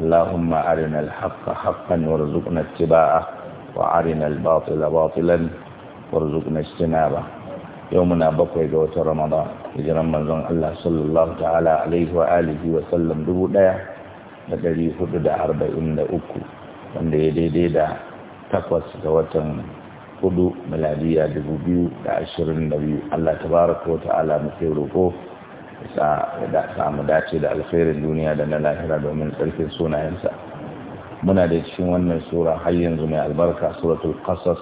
اللهم أرنا الحق حقا وارزقنا اتباعه وأرنا الباطل باطلا وارزقنا اجتنابه bakwai ga جوة رمضان hijiran manzon Allah sallallahu ta'ala alaihi wa alihi wa sallam dubu ɗaya da ɗari hudu da arba'in da uku wanda ya daidai da takwas da watan hudu miladiya dubu biyu da ashirin da biyu Allah tabaraka wa ta'ala roƙo sa da samu dace da alkhairin duniya da na lahira domin tsarkin sunayensa muna da cikin wannan sura har yanzu mai albarka suratul qasas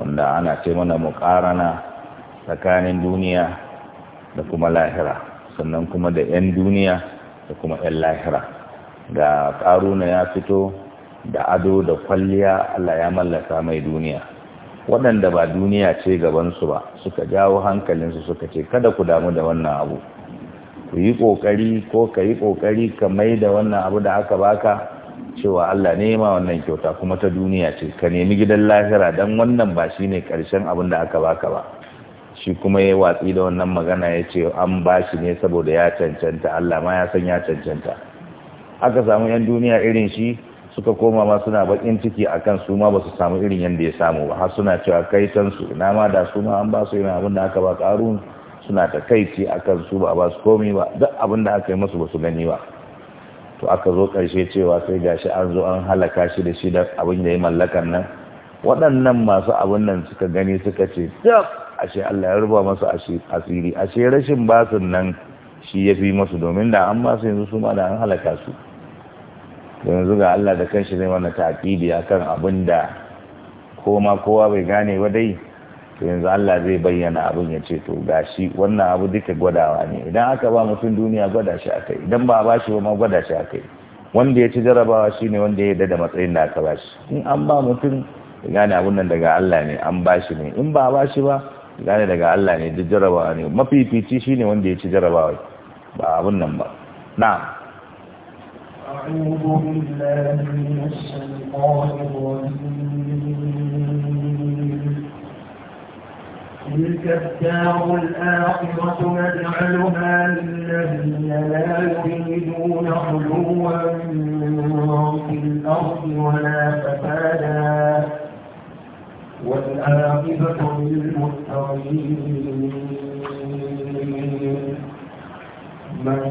wanda ana ce mana muqarana tsakanin duniya da kuma lahira sannan kuma da 'yan duniya da kuma 'yan lahira ga ƙaruna ya fito da ado da kwalliya Allah ya mallaka mai duniya waɗanda ba duniya ce gabansu ba suka jawo hankalinsu suka ce kada ku damu da wannan abu ku yi ƙoƙari ko ka yi ƙoƙari ka mai da wannan abu da aka baka cewa Allah ne ma wannan kyauta kuma ta duniya ce ka nemi gidan lahira don wannan ba shi ne ƙarshen abin da aka baka ba shi kuma ya watsi da wannan magana ya ce an ba shi ne saboda ya cancanta Allah ma ya san ya cancanta aka samu yan duniya irin shi suka koma ma suna bakin ciki akan su ma ba su samu irin yadda ya samu ba har suna cewa kai can su ina ma da su an ba su irin abin da aka ba ƙaru? suna ta kai ce kan su ba ba su komi ba duk abin da aka yi musu ba su gani ba to aka zo karshe cewa sai gashi an zo an halaka shi da shi da abin da ya mallakan nan waɗannan masu abin nan suka gani suka ce dab ashe Allah ya ruba masu asiri ashe rashin basun nan shi ya fi masu domin da an masu yanzu su ma da an halaka su yanzu ga Allah da kanshi zai mana taƙidi akan abin da ko ma kowa bai gane ba dai to yanzu Allah zai bayyana abin ya ce to gashi wannan abu duka gwadawa ne idan aka ba mutum duniya gwada shi akai idan ba ba shi ba ma gwada shi akai wanda ya ci jarabawa shine wanda ya da matsayin da aka ba shi in an ba mutum gane abun nan daga Allah ne an ba shi ne in ba ba shi ba gane daga Allah ne duk jarabawa ne mafifici shine wanda ya ci jarabawa ba abun nan ba na أعوذ بالله من الشيطان الرجيم تلك الدار الآخرة نجعلها للذين لا يريدون علوا في الأرض ولا فسادا والعاقبة للمتقين من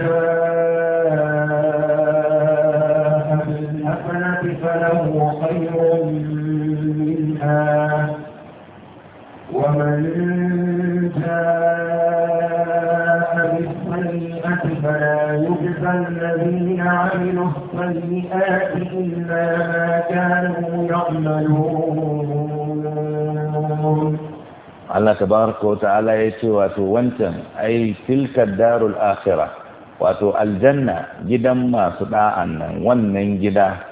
جاء السيئات إلا ما كانوا يعملون Allah tabaraka wa ta'ala ya ce wato wancan ai tilkar darul akhirah wato aljanna gidan masu da'an nan wannan gida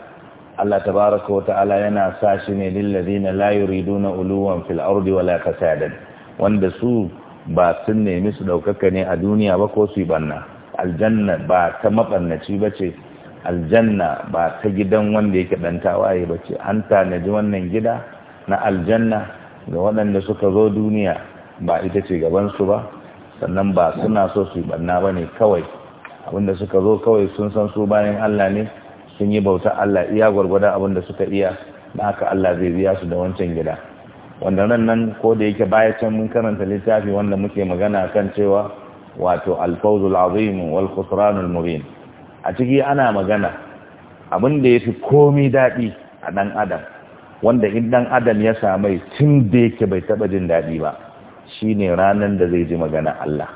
Allah tabaraka wa ta'ala yana sa shi ne lil na la yuriduna uluwan fil ardi wala fasadan wanda su ba sun nemi su daukaka ne a duniya ba ko su yi banna aljanna ba ta mabannaci bace aljanna ba ta gidan wanda yake dan tawaye ba ce an tanaji wannan gida na aljanna ga waɗanda suka zo duniya ba ita ce gabansu ba sannan ba suna so su yi banna ba ne kawai abinda suka zo kawai sun san su bayan Allah ne sun yi bauta Allah iya gwargwada abinda suka iya da haka Allah zai biya su da wancan gida wanda nan nan ko da yake baya can mun karanta littafi wanda muke magana kan cewa wato alfawzul azim wal khusranul mubin a ciki ana magana abin da ya fi komi daɗi a ɗan adam wanda idan adam ya samai tun da yake bai taɓa jin daɗi ba shine ranar da zai ji magana Allah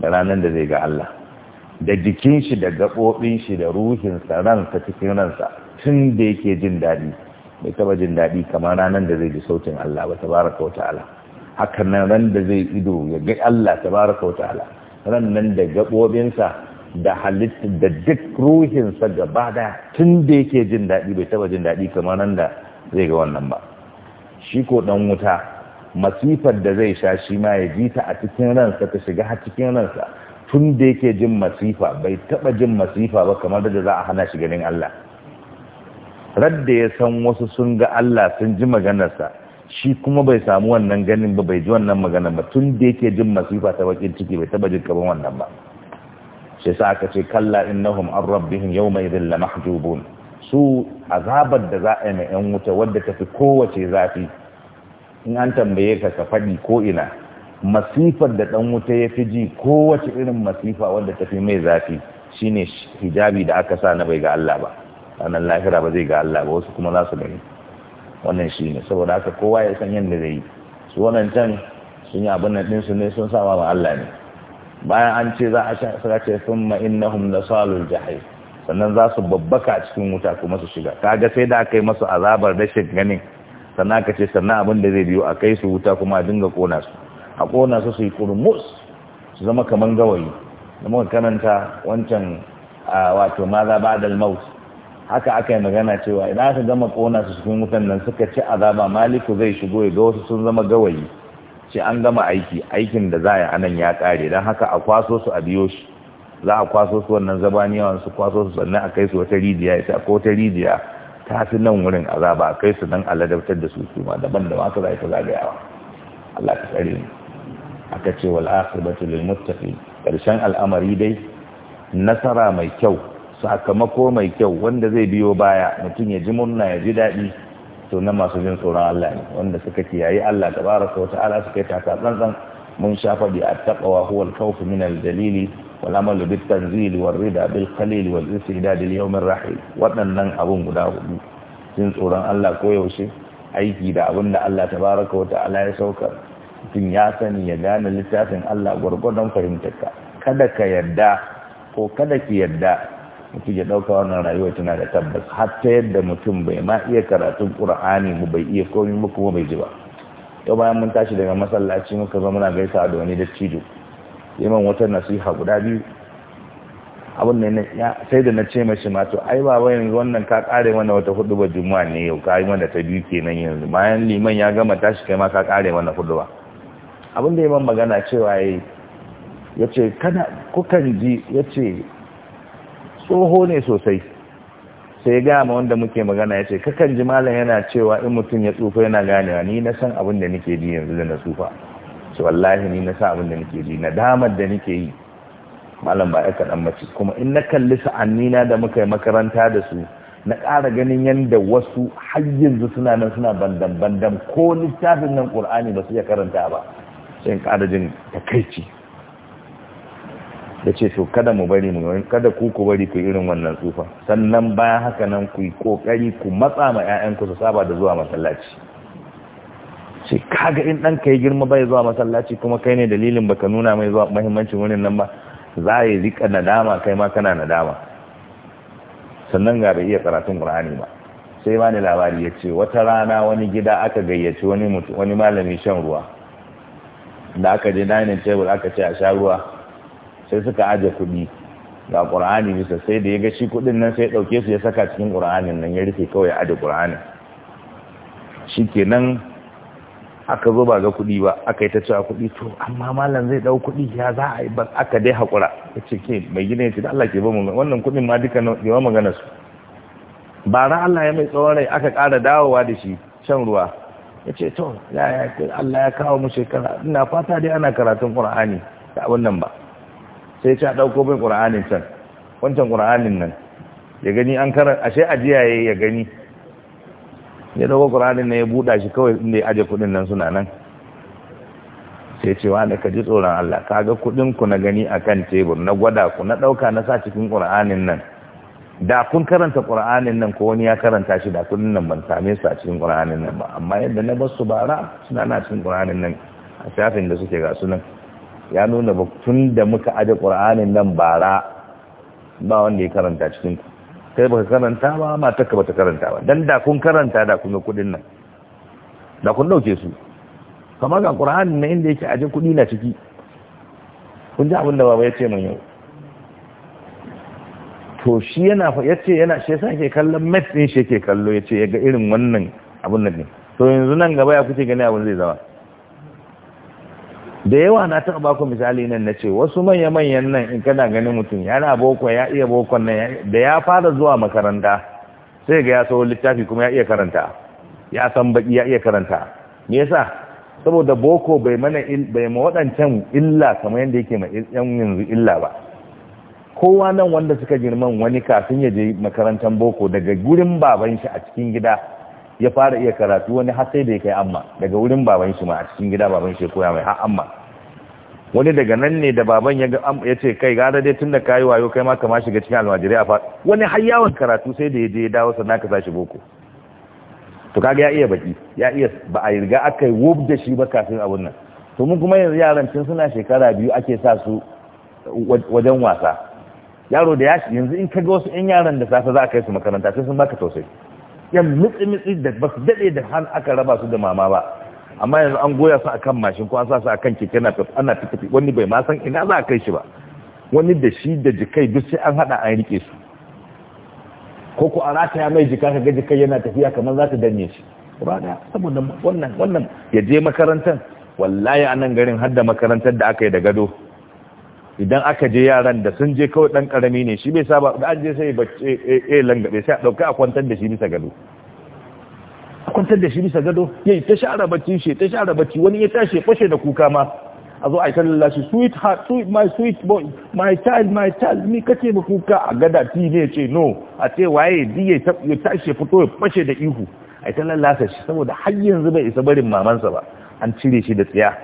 da ranar da zai ga Allah da jikin shi da gaɓoɓin shi da ruhinsa ransa cikin ransa tun da yake jin daɗi bai taɓa jin daɗi kamar ranar da zai ji sautin Allah ba tabaraka wa ta'ala hakan nan ran da zai ido ya ga Allah tabaraka wa ta'ala ran nan da gaɓoɓinsa da halitta da duk ruhinsa gaba da tun da yake jin daɗi bai taba jin daɗi kamar nan da zai ga wannan ba shi ko ɗan wuta masifar da zai sha shi ma ya ji ta a cikin ransa ta shiga a cikin ransa tun da yake jin masifa bai taba jin masifa ba kamar da za a hana shi ganin Allah radda ya san wasu sun ga Allah sun ji maganarsa shi kuma bai samu wannan ganin ba bai ji wannan magana ba tun da yake jin masifa ta bakin ciki bai taba jin kaban wannan ba shi sa aka ce kalla innahum an rabbihim yau mai zilla mahjubun su azabar da za a yi ma yan wuta wadda ta fi kowace zafi in an tambaye ka ka faɗi ko ina masifar da ɗan wuta ya fi ji kowace irin masifa wadda ta fi mai zafi shine hijabi da aka sa na bai ga Allah ba ranar lahira ba zai ga Allah ba wasu kuma za su gani wannan shi ne, saboda haka kowa ya san yadda zai yi su wannan can sun yi abin nan ɗinsu ne sun sama ma Allah ne bayan an ce za a sha ce sun ma'innahum na salul jahai sannan za su babbaka a cikin wuta kuma su shiga kaga sai da aka yi masu azabar rashin ganin sannan aka ce sannan abin da zai biyo a kai su wuta kuma a dinga kona su a kona su su yi kurmus su zama kamar gawayi da muka karanta wancan wato maza ba da maus. haka aka yi magana cewa idan aka gama kona su cikin wutan nan suka ci azaba maliku zai shigo ya ga wasu sun zama gawayi ce an gama aiki aikin da za a anan ya kare don haka a kwaso su a biyo shi za a kwaso su wannan zabaniyawan su kwaso su sannan a kai su wata rijiya ya ko wata rijiya ta fi nan wurin azaba a kai su nan a ladabtar da su su ma daban da masu zai ta zagayawa Allah ka tsare mu aka ce wal akhiratu lil muttaqin karshen al'amari dai nasara mai kyau sakamako mai kyau wanda zai biyo baya mutum ya ji murna ya ji daɗi to na masu jin tsoron Allah ne wanda suka kiyaye Allah tabaraka wa ta'ala suka yi taka tsantsan mun sha faɗi at-taqwa huwa al-khawf min al-dalili wal amalu bit tanzil wal rida bil qalil wal istidad lil yawm ar-rahil waɗannan abun guda hudu jin tsoron Allah koyaushe aiki da abin da Allah tabaraka wa ta'ala ya sauka. mutum ya sani ya gane littafin Allah gwargwadon fahimtarka kada ka yadda. ko kada ki yarda mutum ya ɗauka wannan rayuwa tana da tabbas hatta yadda mutum bai ma iya karatun ƙura'ani mu bai iya komi mu kuma bai ji ba yau bayan mun tashi daga masallaci muka zo muna gaisa da wani dattijo yaman wata nasiha guda biyu abin da ya sai da na ce mashi ma to ai ba yanzu wannan ka kare mana wata hudu ba juma'a ne yau ka yi mana ta biyu kenan yanzu bayan liman ya gama tashi kai ma ka kare mana hudu ba abin da yaman magana cewa yayi yace kana kukan ji yace tsoho ne sosai sai ya ma wanda muke magana ya ce kakan ji malam yana cewa in mutum ya tsufa yana ganewa ni na san abin da nake ji yanzu da na tsufa ce wallahi ni na san abin da nake ji nadamar da nake yi malam ba ya kaɗan mace kuma in na kalli sa'anni na da muka yi makaranta da su na ƙara ganin yadda wasu har yanzu suna nan suna bandan bandan ko littafin nan ƙur'ani ba su iya karanta ba sai in ƙara jin takaici ya ce to kada mu bari mu kada ku ku bari ku irin wannan tsufa sannan bayan haka nan ku yi kokari ku matsa ma ku su saba da zuwa masallaci ce kaga in dan ka girma bai zuwa masallaci kuma kai ne dalilin baka nuna mai zuwa muhimmancin wurin nan ba za ya rika nadama kai ma kana nadama sannan ga bai iya karatun qur'ani ba sai ma ni labari ya ce wata rana wani gida aka gayyaci wani malami shan ruwa da aka je dining table aka ce a sha ruwa sai suka aje kuɗi ga ƙur'ani bisa sai da ya ga shi kuɗin nan sai ɗauke su ya saka cikin ƙur'anin nan ya rufe kawai ya aje ƙur'anin shi kenan aka zo ba ga kuɗi ba aka yi ta cewa kuɗi to amma malam zai ɗau kuɗi ya za a yi ba aka dai haƙura ya ce ke mai gina ya ce da Allah ke ba mu wannan kuɗin ma duka yawa magana su ra Allah ya mai tsawon rai aka kara dawowa da shi shan ruwa ya ce to Allah ya kawo mu shekara ina fata dai ana karatun ƙur'ani da wannan ba sai ta a ɗauko qur'anin ƙura'anin can wancan qur'anin nan ya gani an karar ashe ajiya ya ya gani ya ɗauko qur'anin nan ya buɗa shi kawai inda ya aje kuɗin nan suna nan sai ce wa da ka ji tsoron Allah ka ga kuɗin ku na gani a kan tebur na gwada ku na ɗauka na sa cikin qur'anin nan da kun karanta qur'anin nan ko wani ya karanta shi da kuɗin nan ban same su a cikin qur'anin nan ba amma yadda na bar su bara suna na cikin qur'anin nan a shafin da suke ga sunan. nan ya nuna ba tun da muka aje ƙur'anin nan bara ba wanda ya karanta cikin ku kai baka karanta ba ka bata karanta ba dan da kun karanta da kun ga kudin nan da kun dauke su kamar ga ƙur'anin na inda yake aje kudi na ciki kun ji abin da baba ya ce min yau to shi yana ya ce yana shi yasa ke kallon met din shi yake kallo ya ce ya ga irin wannan abin nan ne to yanzu nan gaba ya kuke gani abin zai zama da yawa na taɓa baku misali nan na ce wasu manya-manyan nan in kana ganin mutum yana boko ya iya bokon nan da ya fara zuwa makaranta sai ga ya sau littafi kuma ya iya karanta ya san baki ya iya karanta me yasa saboda boko bai mana bai ma waɗancan illa kamar yadda yake ma yan yanzu illa ba kowa nan wanda suka girman wani kafin ya je makarantar boko daga gurin baban shi a cikin gida ya fara iya karatu wani har sai da ya kai amma daga wurin baban shi ma a cikin gida baban shi koya mai har amma wani daga nan ne da baban ya ya ce kai gara dai tunda kayi wayo kai ma kama shiga cikin almajirai a fara wani har yawon karatu sai da ya je ya dawo sannan ka sashi boko to kaga ya iya baki ya iya ba a riga aka yi wub da shi ba kafin abun nan to mun kuma yanzu yaran tun suna shekara biyu ake sa su wajen wasa yaro da ya yanzu in kaga wasu 'yan yaran da safe za a kai su makaranta sai sun baka tausayi yan mitsi-mitsi da ba su daɗe da har aka raba su da mama ba amma yanzu an goya su akan mashin ko an sa su akan keke na ana tafi wani bai ma san ina za a kai shi ba wani da shi da jikai duk sai an haɗa an rike su ko ko a rataya mai jika ka ga jikai yana tafiya kamar za ta danne shi ba da saboda wannan wannan ya je makarantar wallahi a nan garin har da makarantar da aka yi da gado idan aka je yaran da sun je kawai dan karami ne shi bai saba da an je sai bacce eh, eh, eh langabe sai a dauka a kwantar da shi bisa gado a kwantar da shi bisa gado yayi ta share bacci shi ta share bacci wani ya tashi fashe da kuka ma a zo a yi kallon shi sweet heart sweet my sweet boy my child my child ni kace ba kuka a gada ti ne ce no a ce waye di ya tashi fito ya fashe da ihu a yi kallon shi saboda har yanzu bai isa barin mamansa ba an cire shi da tsiya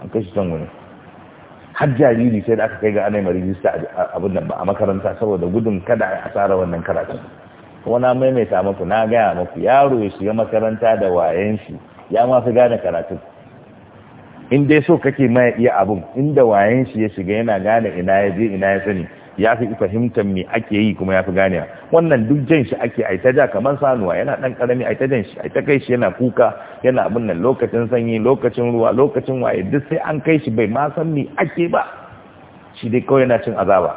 an kai shi can wani har jariri sai da aka kai ga ana mai rijista abin nan ba a makaranta saboda gudun kada a asara wannan karatun wani na maimaita muku na gaya muku yaro ya shiga makaranta da wayan shi ya ma gane karatun in dai so kake ma iya abin? inda wayan shi ya shiga yana gane ina ya je ina ya sani ya fi fahimtar me ake yi kuma ya fi gane wannan duk jan shi ake ai ta ja kamar sanuwa yana dan karami ai ta jan shi ai ta kai shi yana kuka yana abin nan lokacin sanyi lokacin ruwa lokacin waye duk sai an kai shi bai ma san me ake ba shi dai kawai yana cin azaba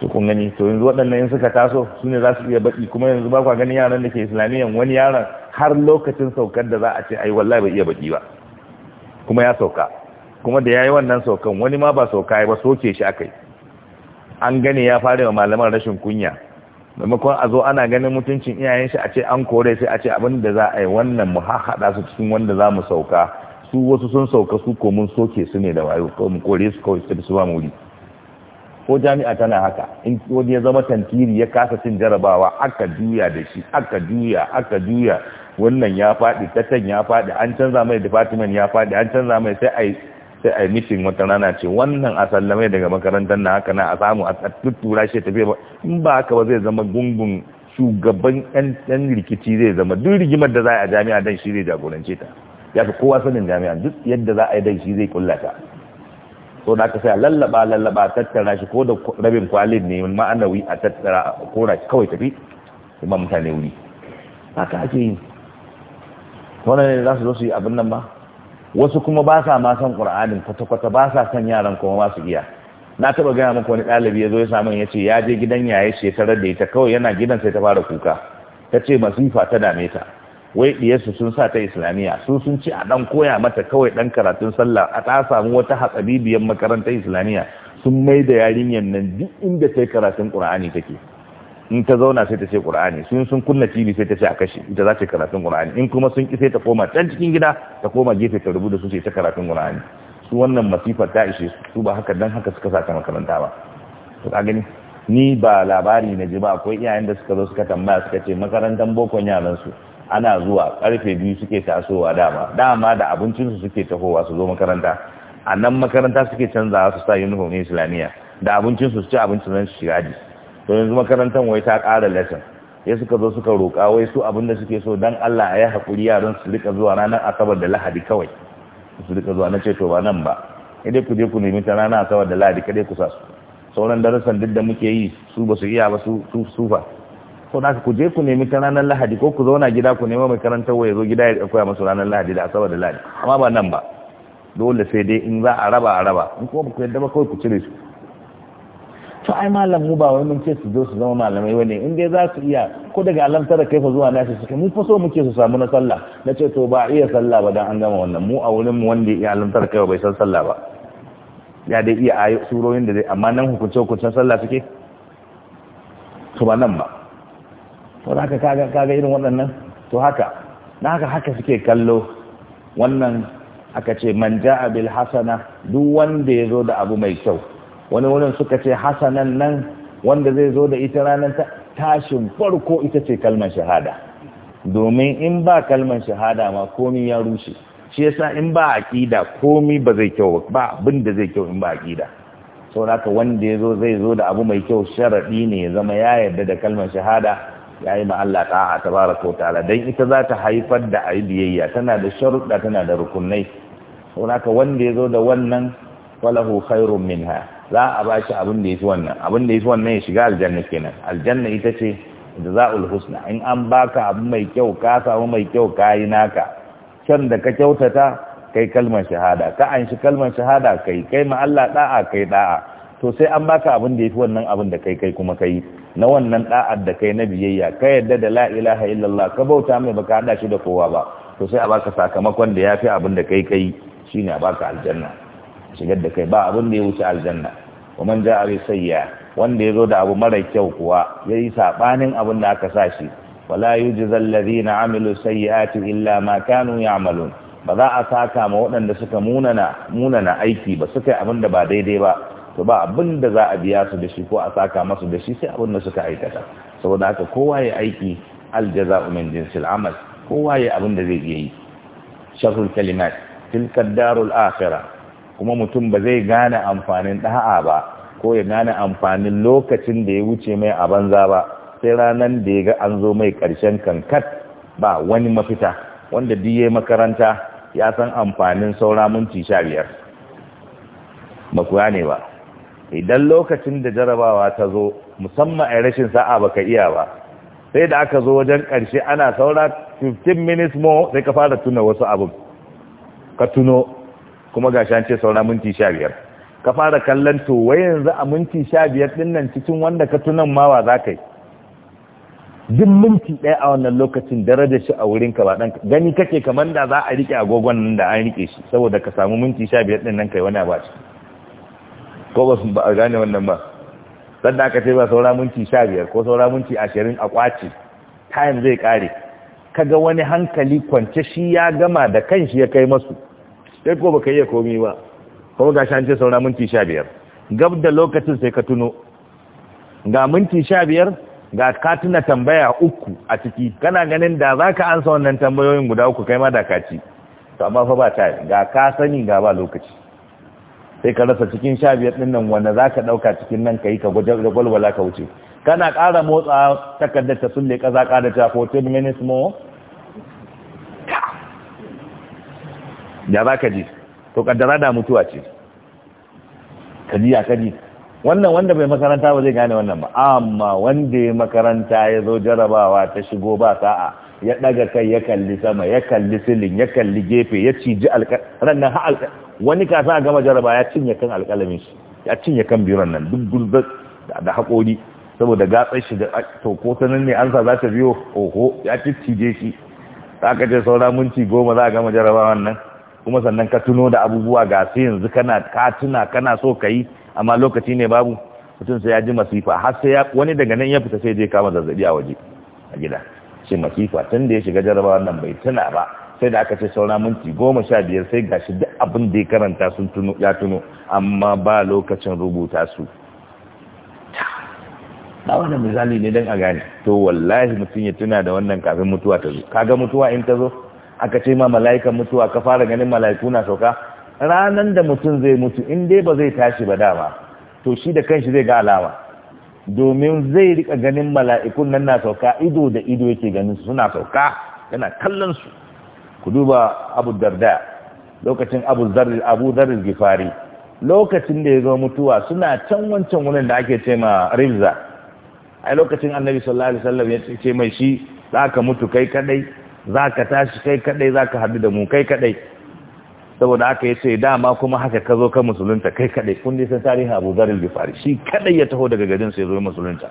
to kun gani to yanzu waɗannan in suka taso su ne za su iya baki kuma yanzu ba kwa ganin yaran da ke islamiyyan wani yaran har lokacin saukar da za a ce ai wallahi bai iya baki ba kuma ya sauka kuma da yayi wannan saukan wani ma ba sauka ya ba soke shi akai an gane ya fara wa malaman rashin kunya maimakon a zo ana ganin mutuncin iyayen shi a ce an kore sai a ce abin da za a yi wannan mu haɗa su cikin wanda za mu sauka su wasu sun sauka su ko mun soke su ne da wayo ko mu kore su kawai su su ba mu ko jami'a tana haka in wani ya zama tantiri ya kasa cin jarabawa aka juya da shi aka juya aka juya wannan ya faɗi tatan ya faɗi an canza mai department ya fadi an canza mai sai a sai a yi mitin wata rana ce wannan a sallamai daga makarantar na haka na a samu a tuttura shi tafiya ba in ba haka ba zai zama gungun shugaban yan rikici zai zama duk rigimar da za a jami'a dan shi zai jagorance ta ya fi kowa sanin jami'a duk yadda za a yi dan shi zai kullata so da ka sai lallaba lallaba tattara shi ko da rabin kwalin ne ma'anawi a tattara a kora kawai tafi kuma mutane wuri haka ake yi wannan ne za su zo su yi abin nan ba wasu kuma ba sa ma san qur'anin kwata-kwata ba sa san yaran kuma ba su iya na taba gaya muku wani ɗalibi ya zo ya samu ya ce ya je gidan yaye shekarar da ita kawai yana gidan sai ta fara kuka ta ce masifa ta dame ta wai diyarsu sun sa ta islamiyya su sun ci a dan koya mata kawai dan karatun sallah a ta samu wata hatsabibiyar makarantar islamiyya sun mai da yarinyar nan duk inda ta yi karatun ƙur'ani take in ta zauna sai ta ce qur'ani sun sun kunna tv sai ta ce a kashe ita za ta karatun qur'ani in kuma sun ki ta koma can cikin gida ta koma gefe ta rubuta su sai ta karatun qur'ani su wannan masifar ta ishe su ba haka dan haka suka saka makaranta ba to ka gani ni ba labari na ji ba akwai iyayen da suka zo suka tambaya suka ce makarantar bokon yaran su ana zuwa karfe biyu suke tasowa dama dama da abincin su suke tahowa su zo makaranta a nan makaranta suke canzawa su sa uniform islamiyya da abincin su su ci abincin nan shiga to yanzu makarantar wai ta ƙara lesson ya suka zo suka roƙa wai su abin da suke so dan Allah ya yi haƙuri yaran su rika zuwa ranar asabar da lahadi kawai su rika zuwa na ce to ba nan ba idai ku je ku nemi ta ranar asabar da lahadi kadai ku sa su sauran darasan duk da muke yi su ba su iya ba su sufa ko na ku je ku nemi ta ranar lahadi ko ku zauna gida ku nema mai karantar ya zo gida ya koya masu ranar lahadi da asabar da lahadi amma ba nan ba dole sai dai in za a raba a raba in kuma ku yadda ba kawai ku cire su to ai malam mu ba wai mun ce su zo su zama malamai wani in dai za su iya ko daga alamtar da fa zuwa nashi suke mu fa so muke su samu na sallah na ce to ba iya sallah ba dan an gama wannan mu a wurin mu wanda ya alamtar kai bai san sallah ba ya dai iya ayi surorin da dai amma nan hukunce hukuncen sallah suke to ba nan ba to haka kaga kaga irin waɗannan to haka na haka haka suke kallo wannan aka ce man ja'a bil hasana duk wanda ya zo da abu mai kyau wani wurin suka ce hasanan nan wanda zai zo da ita ranar tashin farko ita ce kalmar shahada domin in ba kalmar shahada ma komi ya rushe shi yasa in ba aqida komi ba zai kyau ba abin da zai kyau in ba aqida saboda wanda ya zo zai zo da abu mai kyau sharadi ne ya zama ya yarda da kalmar shahada ya yi Allah ta'a tabaraka wa ta'ala dan ita za ta haifar da ayi biyayya tana da sharuɗa tana da rukunai saboda wanda ya zo da wannan falahu khairun minha za a ba shi abin da yafi wannan abin da yafi wannan ya shiga aljanna kenan aljanna ita ce jazaul husna in an baka abu mai kyau ka samu mai kyau ka yi naka can da ka kyautata kai kalmar shahada ka an shi kalmar shahada kai kai ma Allah da'a kai da'a to sai an baka abin da yafi wannan abin da kai kai kuma kai na wannan da'ar da kai na biyayya ka yadda da la ilaha illallah ka bauta mai baka hada shi da kowa ba to sai a baka sakamakon da yafi abin da kai kai shine a baka aljanna shigar da kai ba abin da ya wuce aljanna manja man ja'a ya sayya wanda zo da abu mara kyau kuwa ya yi sabanin abin da aka sa shi wala yujza na amilu sayyiati illa ma kanu ya'malun ba za a saka ma waɗanda suka munana munana aiki ba suka yi abin da ba daidai ba to ba abin da za a biya su da shi ko a saka masu da shi sai abin da suka aikata saboda haka kowa ya aiki aljaza min jinsil amal kowa ya abin da zai iya yi sharhul kalimat tilkar darul akhirah kuma mutum ba zai gane amfanin ɗa'a ba ko ya gane amfanin lokacin da ya wuce mai a banza ba sai ranar da ya ga an zo mai ƙarshen kankat ba wani mafita wanda diye makaranta ya san amfanin saura minti sha biyar ba ku ne ba idan lokacin da jarabawa ta zo musamman a rashin sa'a ba ka iya ba sai da aka zo wajen ƙarshe ana saura 15 minutes more sai ka fara tuna wasu abin ka tuno kuma ga an ce saura minti sha biyar ka fara kallon to wai yanzu a minti sha biyar din nan cikin wanda ka tunan mawa za ka yi duk minti ɗaya a wannan lokacin daraja shi a wurin ka ba ɗan gani kake kamar da za a rike agogon nan da an rike shi saboda ka samu minti sha biyar din nan kai wani ba shi ko ba ba a gane wannan ba sanda aka ce ba saura minti sha biyar ko saura minti ashirin a kwace time zai kare kaga wani hankali kwance shi ya gama da kanshi ya kai masu sai ko baka iya komi ba kuma ga an ce saura minti sha biyar gab da lokacin sai ka tuno ga minti sha biyar ga ka tuna tambaya uku a ciki kana ganin da za ka ansa wannan tambayoyin guda uku kai ma da ka ci to amma fa ba ta ga ka sani ga ba lokaci sai ka rasa cikin sha biyar ɗin nan wanda za ka ɗauka cikin nan ka yi ka gwalwala ka wuce kana ƙara motsa takardar ta sulle ƙaza ƙara ta 14 minutes more ya za ka ji to kaddara da mutuwa ce ka ji ya ka ji wannan wanda bai makaranta ba zai gane wannan ba amma wanda ya makaranta ya zo jarabawa ta shigo ba sa'a ya daga kai ya kalli sama ya kalli silin ya kalli gefe ya ciji alƙalamin nan ha wani ka sa gama jaraba ya cinye kan alƙalamin shi ya cinye kan biyu nan duk gulbar da haƙori saboda gatsar shi da to ko sanin ne ansa za ta biyo oho ya cije shi za ka ce saura minti goma za a gama jarabawan nan kuma sannan ka tuno da abubuwa ga su yanzu kana katuna kana so ka yi amma lokaci ne babu mutum sai ya ji masifa har sai wani daga nan ya fita sai je kama zazzabi a waje a gida shi masifa tun da ya shiga jarabawa nan bai tuna ba sai da aka ce saura minti goma sha biyar sai gashi duk abin da ya karanta sun tuno ya tuno amma ba lokacin rubuta su da wannan misali ne don a gane to wallahi mutum ya tuna da wannan kafin mutuwa ta zo kaga mutuwa in ta zo aka ce ma mala'ikan mutuwa ka fara ganin mala'iku na sauka ranan da mutum zai mutu in dai ba zai tashi ba dama to shi da kanshi zai ga alama domin zai rika ganin mala'ikun nan na sauka ido da ido yake ganin su suna sauka yana kallon su ku duba abu darda lokacin abu zarri abu zarri gifari lokacin da ya zo mutuwa suna can wancan wurin da ake ce ma ribza ai lokacin annabi sallallahu alaihi wasallam ya ce mai shi zaka mutu kai kadai za ka tashi kai kadai za ka haɗu da mu kai kadai saboda aka yi ce dama kuma haka ka zo ka musulunta kai kadai kun dai san tarihi abu zarin bifari shi kadai ya taho daga garin sai zo musulunta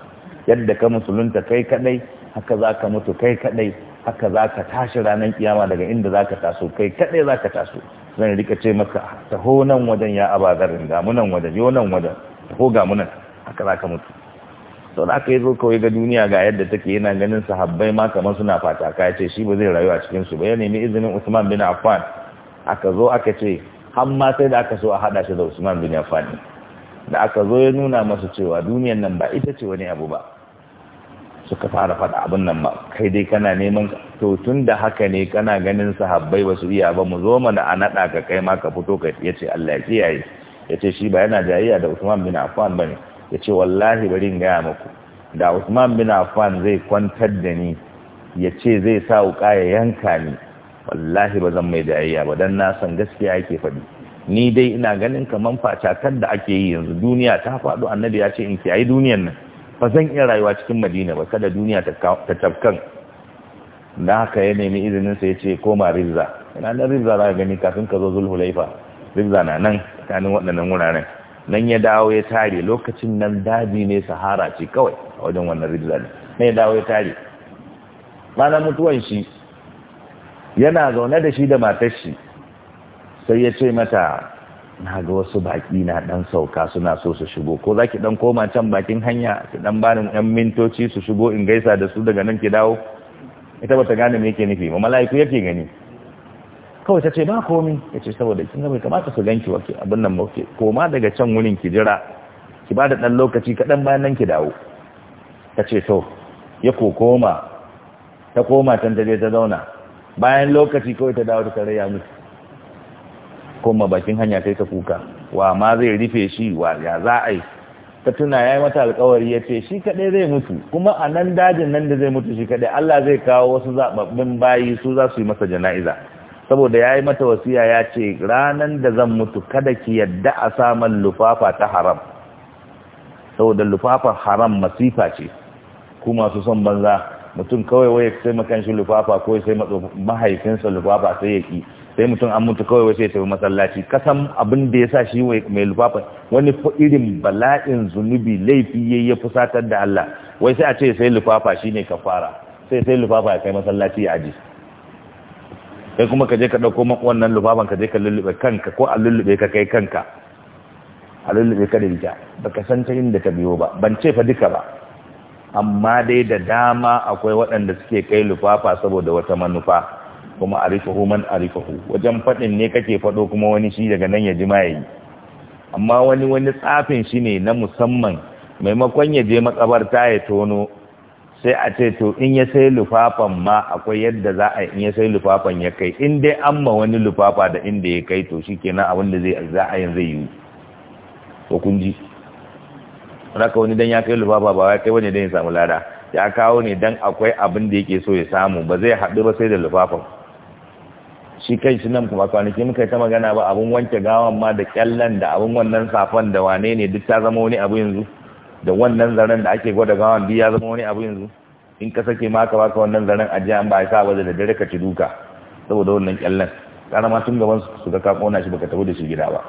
yadda ka musulunta kai kadai haka za ka mutu kai kadai haka za ka tashi ranar kiyama daga inda za ka taso kai kadai za ka taso zan rika ce maka taho nan wajen ya aba Zarin, ga munan wajen yo nan wajen taho ga munan haka za ka mutu sau da aka yi zo kawai ga duniya ga yadda take yana ganin sahabbai ma kamar suna fataka ya ce shi ba zai rayu a cikin su ba ya nemi izinin Usman bin Affan aka zo aka ce har ma sai da aka so a hada shi da Usman bin Affan da aka zo ya nuna masu cewa duniyar nan ba ita ce wani abu ba suka fara fada abin nan ba kai dai kana neman to tun da haka ne kana ganin sahabbai ba su iya ba mu zo mana a naɗa ka kai ma ka fito ka ya ce Allah ya kiyaye ya ce shi ba yana jayayya da Usman bin Affan ba ne ya ce wallahi bari in gaya muku da usman bin affan zai kwantar da ni ya ce zai sa wuka ya yanka ni wallahi ba zan mai dariya ba dan na san gaskiya yake faɗi ni dai ina ganin kaman facatar da ake yi yanzu duniya ta faɗo annabi ya ce in kiyayi duniyan nan ba zan iya rayuwa cikin madina ba kada duniya ta tafkan da haka ya nemi izinin sa ya ce koma rizza ina nan rizza za ka gani kafin ka zo zulhulaifa rizza na nan tsakanin waɗannan wuraren nan ya dawo ya tare lokacin nan daji ne sahara ce kawai a wajen wannan rijilal ne ya dawo ya tare ranar mutuwan shi yana zaune da shi da matar shi sai ya ce mata na ga wasu baki na dan sauka suna so su shigo ko za dan koma can bakin hanya ki dan bani yan mintoci su shigo in gaisa da su daga nan ki dawo ita bata gane me yake nufi ma mala'iku yake gani kawai ta ce ba komi ya ce saboda kin zama kamata su ganki wake abin nan mauke koma daga can wurin ki jira ki ba da ɗan lokaci kaɗan bayan nan ki dawo ta ce to ya ko koma ta koma can ta je ta zauna bayan lokaci kawai ta dawo ta ya mutu koma bakin hanya yi ta kuka wa ma zai rufe shi wa ya za a yi ta tuna ya yi mata alkawari ya ce shi kaɗai zai mutu kuma a nan dajin nan da zai mutu shi kaɗai Allah zai kawo wasu zaɓaɓɓun bayi su za su yi masa jana'iza saboda ya yi mata wasiya ya ce ranar da zan mutu kada ki yadda a saman lufafa ta haram saboda lufafa haram masifa ce ku masu son banza mutum kawai waye sai makanshi lufafa ko sai mahaifinsa lufafa sai ya ki sai mutum an mutu kawai ya tafi masallaci kasan abin da ya sa shi mai lufafa wani irin bala'in zunubi laifi ya yi fusatar da Allah wai sai a ce sai lufafa shine kafara sai sai lufafa ya kai masallaci ya aji kai kuma ka je ka ɗauko wannan lubaban ka je ka lullube kanka ko a lullube ka kai kanka a lullube ka ita baka san ta inda ka biyo ba ban ce fa duka ba amma dai da dama akwai waɗanda suke kai lufafa saboda wata manufa kuma arifahu man arifahu wajen faɗin ne kake faɗo kuma wani shi daga nan ya ji ma yi amma wani wani tsafin shi ne na musamman maimakon ya je makabarta ya tono sai a ce to in ya sai lufafan ma akwai yadda za a in ya sai lufafan ya kai in dai an ma wani lufafa da inda ya kai to shi kenan abin da zai za a yin zai yi to kun ji raka wani dan ya kai lufafa ba wai kai wani dan ya samu lada ya kawo ne dan akwai abin da yake so ya samu ba zai haɗu ba sai da lufafan shi kai shi nan kuma kwanaki muka ta magana ba abin wanke gawan ma da kyallan da abin wannan safan da wane ne duk ta zama wani abu yanzu da wannan zaren da ake gwada gawan biya zama wani abu yanzu in ka sake maka baka wannan zaren ajiya an ba ya sa ba da dare ka ci duka saboda wannan kyallan kana ma tun gaban su ga ka kona shi baka tafi da shi gida ba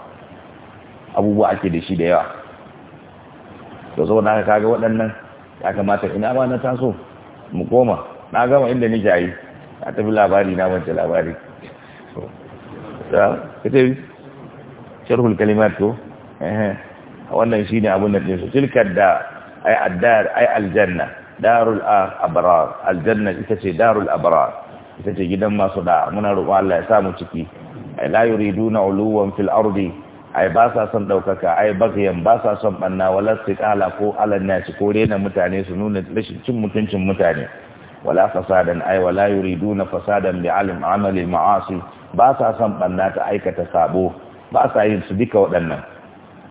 abubuwa ake da shi da yawa to saboda haka kaga waɗannan ya kamata ina ma na taso mu koma na gama inda ni jayi a tafi labari na wancan labari ta kace sharhul kalimat ko eh wannan shine abin da su tilka da ay aljanna darul abrar aljanna ita ce darul abrar ita ce gidan masu da muna roƙon Allah ya samu ciki ay layuri, yuriduna uluwan fil ardi ai ba sa son ɗaukaka ai bagayen ba sa son ɓanna wala ƙala ko alan nasi ko rena mutane su nuna rashin cin mutuncin mutane wala fasadan ai wala yuriduna fasadan bi alim amali ma'asi ba sa son ɓanna ta aikata sabo ba sa yin su duka waɗannan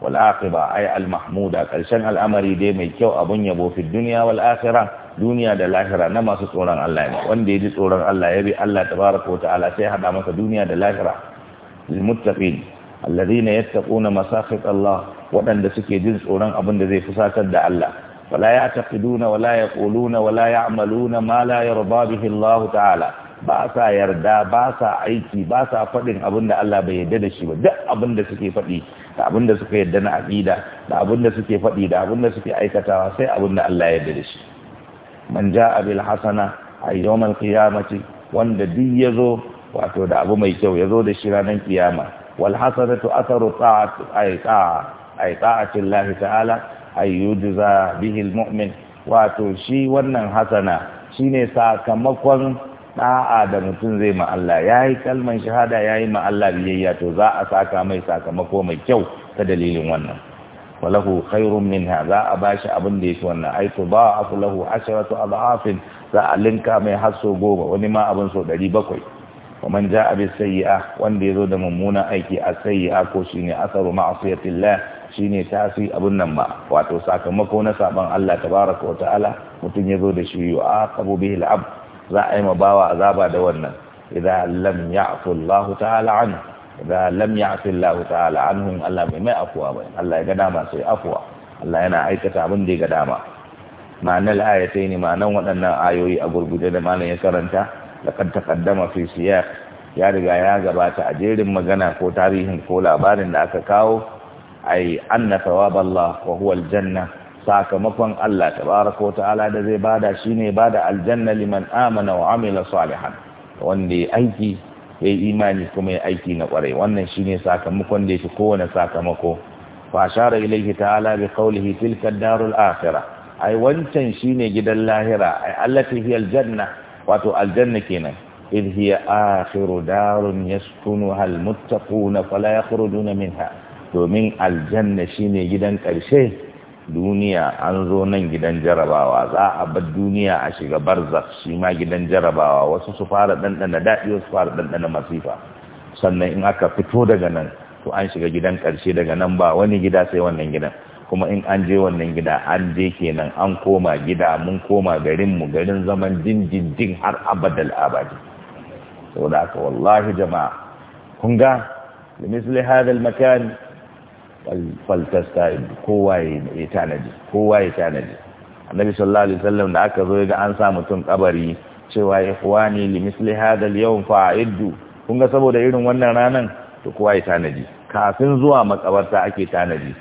wal aqiba ay al mahmuda karshen al'amari dai mai kyau abun yabo fi duniya wal akhirah duniya da lahira na masu tsoron Allah ne wanda ya ji tsoron Allah ya bi Allah tabaraka wa ta'ala sai hada masa duniya da lahira lil muttaqin alladhina yattaquna masakhit waɗanda suke jin tsoron abin da zai fi satar da Allah wala ya'taqiduna wala yaquluna wala ya'maluna ma la yarda bihi Allah ta'ala ba sa yarda ba sa aiki ba sa faɗin abin da Allah bai yarda da shi ba duk abin da suke faɗi da abin suka yadda na aqida da abin suke faɗi da abin suke aikatawa sai abin Allah ya yarda da shi man ja'a bil hasana a yawmal qiyamati wanda duk yazo wato da abu mai kyau yazo da shi ranar kiyama wal hasanatu atharu ta'at ay ta'a ay ta'ala ay bihi al mu'min wato shi wannan hasana shine sakamakon da'a da mutum zai ma Allah ya yi kalman shahada ya yi ma Allah biyayya to za a saka mai sakamako mai kyau ta dalilin wannan walahu khairun minha za a bashi abin da yake wannan ai to ba afu lahu asharatu adhafin za a linka mai hasso goma wani ma abin so 700 ومن جاء بالسيئة وان يزو ده ممونا ايكي السيئة كو شيني اثر معصية الله shine tasi abin nan ba wato sakamako na saban Allah tabaraka wa ta'ala mutun yazo da shi yu'aqabu bihi al-abd za a yi ma bawa azaba da wannan idan lam ya'fu Allah ta'ala an idan lam ya'fu Allah ta'ala anhum Allah bai mai afuwa ba Allah ya ga dama sai afuwa Allah yana aikata abin da ya ga dama ma'anar ayatai ne ma'anar waɗannan ayoyi a gurguje da malam ya karanta da kan takaddama fi siyar ya riga ya gabata a jerin magana ko tarihin ko labarin da aka kawo ai anna thawab wa huwa aljanna sakamakon Allah tabaraka wa ta'ala da zai bada shine bada aljanna liman amana wa amila salihan wanda ya aiki yayi imani kuma ya aiki na kwarai wannan ne sakamakon da fi kowane sakamako fa ashara ilaihi ta'ala bi qawlihi tilka darul akhirah ai wancan shine gidan lahira ai allati hiya aljanna wato aljanna kenan idh hiya akhiru darun yaskunuha almuttaquna fala yakhrujuna minha domin aljanna shine gidan karshe duniya an zo nan gidan jarabawa za a bar duniya a shiga barzak shi ma gidan jarabawa wasu su fara ɗanɗana daɗi wasu fara ɗanɗana masifa sannan in aka fito daga nan to an shiga gidan ƙarshe daga nan ba wani gida sai wannan gidan kuma in an je wannan gida an je kenan an koma gida mun koma garin mu garin zaman dindindin har abadal abadi saboda haka wallahi jama'a kun ga misli hadal makan faltasta kowaye ya tanadi kowa ya tanadi annabi sallallahu alaihi wasallam da aka zo ga an sa mutum kabari cewa ikhwani li misli hadha al-yawm fa'iddu kun ga saboda irin wannan ranan to kowa ya tanadi kafin zuwa makabarta ake tanadi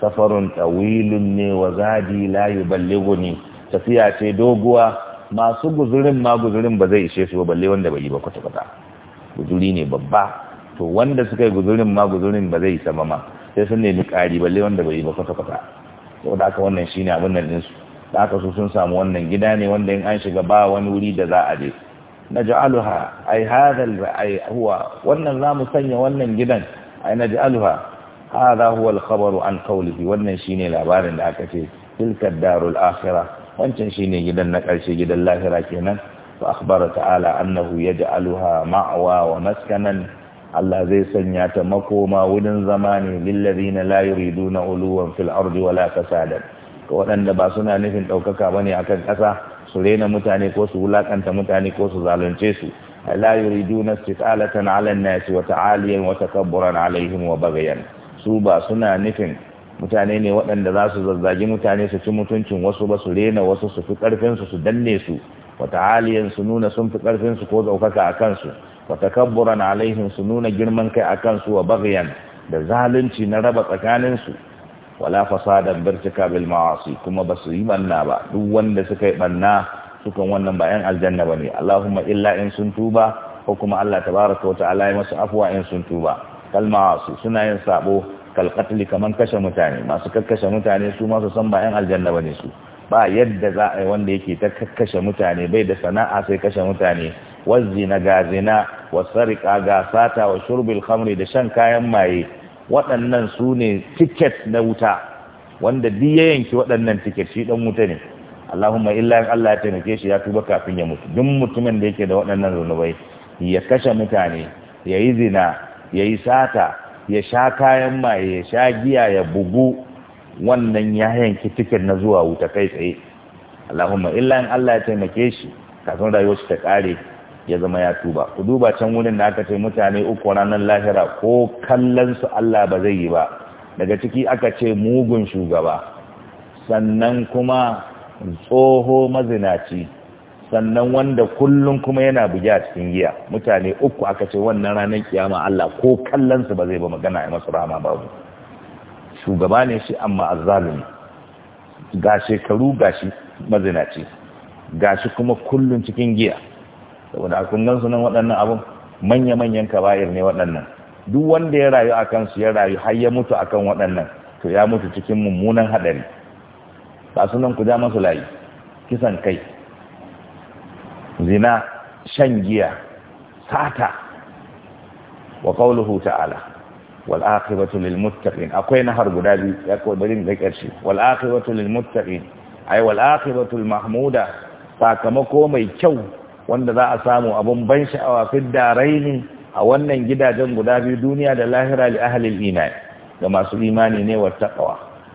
safarun tawilun ne wa zadi la yuballighuni tafiya ce doguwa masu guzurin ma guzurin ba zai ishe su ba balle wanda bai yi ba kwata kwata guzuri ne babba to wanda suka yi guzurin ma guzurin ba zai sama ma sai sun nemi ƙari balle wanda bai yi ba kwata-kwata saboda haka wannan shine abin nan ɗinsu da aka su sun samu wannan gida ne wanda in an shiga ba wani wuri da za a je na ja'aluha ai hadal ai huwa wannan za mu sanya wannan gidan ai na ja'aluha hadha huwa al an qawlihi wannan shine labarin da aka ce tilka darul akhira wancan shine gidan na ƙarshe gidan lahira kenan fa akhbara ta'ala annahu yaj'aluha ma'awa wa maskanan Allah zai sanya ta makoma wurin zama ne na la na uluwan fil ardi wala fasadan ga waɗanda ba suna nufin ɗaukaka ba ne akan ƙasa su rena mutane ko su wulakanta mutane ko su zalunce su la yuriduna istiqalatan ala an-nas wa ta'aliyan wa takabburan alaihim wa bagayan su ba suna nufin mutane ne waɗanda za su zazzagi mutane su ci mutuncin wasu ba su rena wasu su fi ƙarfinsu su danne su wata ta'aliyan su nuna sun fi ƙarfinsu ko ɗaukaka a kansu wa takabburan alaihim su nuna girman kai akan su wa bagyan da zalunci na raba tsakanin su wala fasadan birtika bil ma'asi kuma basu yi banna ba duk wanda suka yi banna sukan wannan ba yan aljanna ne. Allahumma illa in sun tuba ko kuma Allah tabaraka wa ta'ala ya masu afwa in sun tuba kal ma'asi suna yin sabo kal qatli kaman kashe mutane masu kakkashe mutane su ma su san ba yan aljanna bane su ba yadda za a yi wanda yake ta kakkashe mutane bai da sana'a sai kashe mutane sarika ga sata wa shurbil khamri da shan kayan maye waɗannan su ne tiket na wuta wanda duk ya yanki waɗannan tiket shi dan wuta ne Allahumma illa in Allah ya taimake shi ya tuba kafin ya mutu duk mutumin da yake da waɗannan zunubai ya kashe mutane ya yi zina ya yi sata ya sha kayan maye ya sha giya ya bugu wannan ya yanki tiket na zuwa wuta kai tsaye Allahumma illa in Allah ya taimake shi kafin rayuwar ta kare. ya zama ya tuba ku duba can wurin da aka ce mutane uku ranar lahira ko kallon Allah ba zai yi ba daga ciki aka ce mugun shugaba sannan kuma tsoho mazinaci sannan wanda kullum kuma yana buge a cikin giya mutane uku aka ce wannan ranar kiyama Allah ko kallon su ba zai ba magana ya masu rama babu shugaba ne shi amma azzalumi ga shekaru gashi mazinaci gashi kuma kullum cikin giya saboda a kun sunan waɗannan abun manya-manyan kaba'ir ne waɗannan duk wanda ya rayu a kansu ya rayu har ya mutu a kan waɗannan to ya mutu cikin mummunan haɗari ba su ku ja masu layi kisan kai zina shan giya sata wa qawluhu ta'ala wal akhiratu lil muttaqin akwai nahar guda biyu ya ko bari da karshe wal akhiratu lil muttaqin ay wal akhiratu al mahmuda sakamako mai kyau wanda za a samu abun ban sha'awa fi daraini a wannan gidajen guda biyu duniya da lahira li ahlil iman ga masu imani ne wa taqwa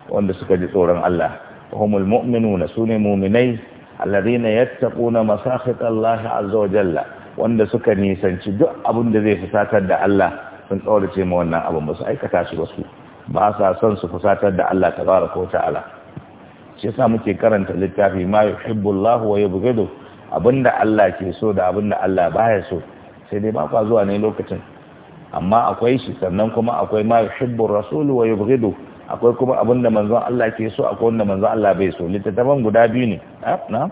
wanda suka ji tsoron Allah humul mu'minuna sune mu'minai alladhina yattaquna masakhita Allah azza wa jalla wanda suka nisanci duk abin da zai fusatar da Allah sun tsaurace ma wannan abin ba su aikata shi wasu ba sa son su fusatar da Allah tabaraka wa ta'ala shi yasa muke karanta littafi ma yuhibbu Allah wa yubghidu abinda Allah ke so da abinda Allah baya so sai dai ba kwa zuwa ne lokacin amma akwai shi sannan kuma akwai ma shibbur rasulu wa yubghidu akwai kuma abinda manzon Allah ke so akwai wanda manzon Allah bai so littattafan guda biyu ne na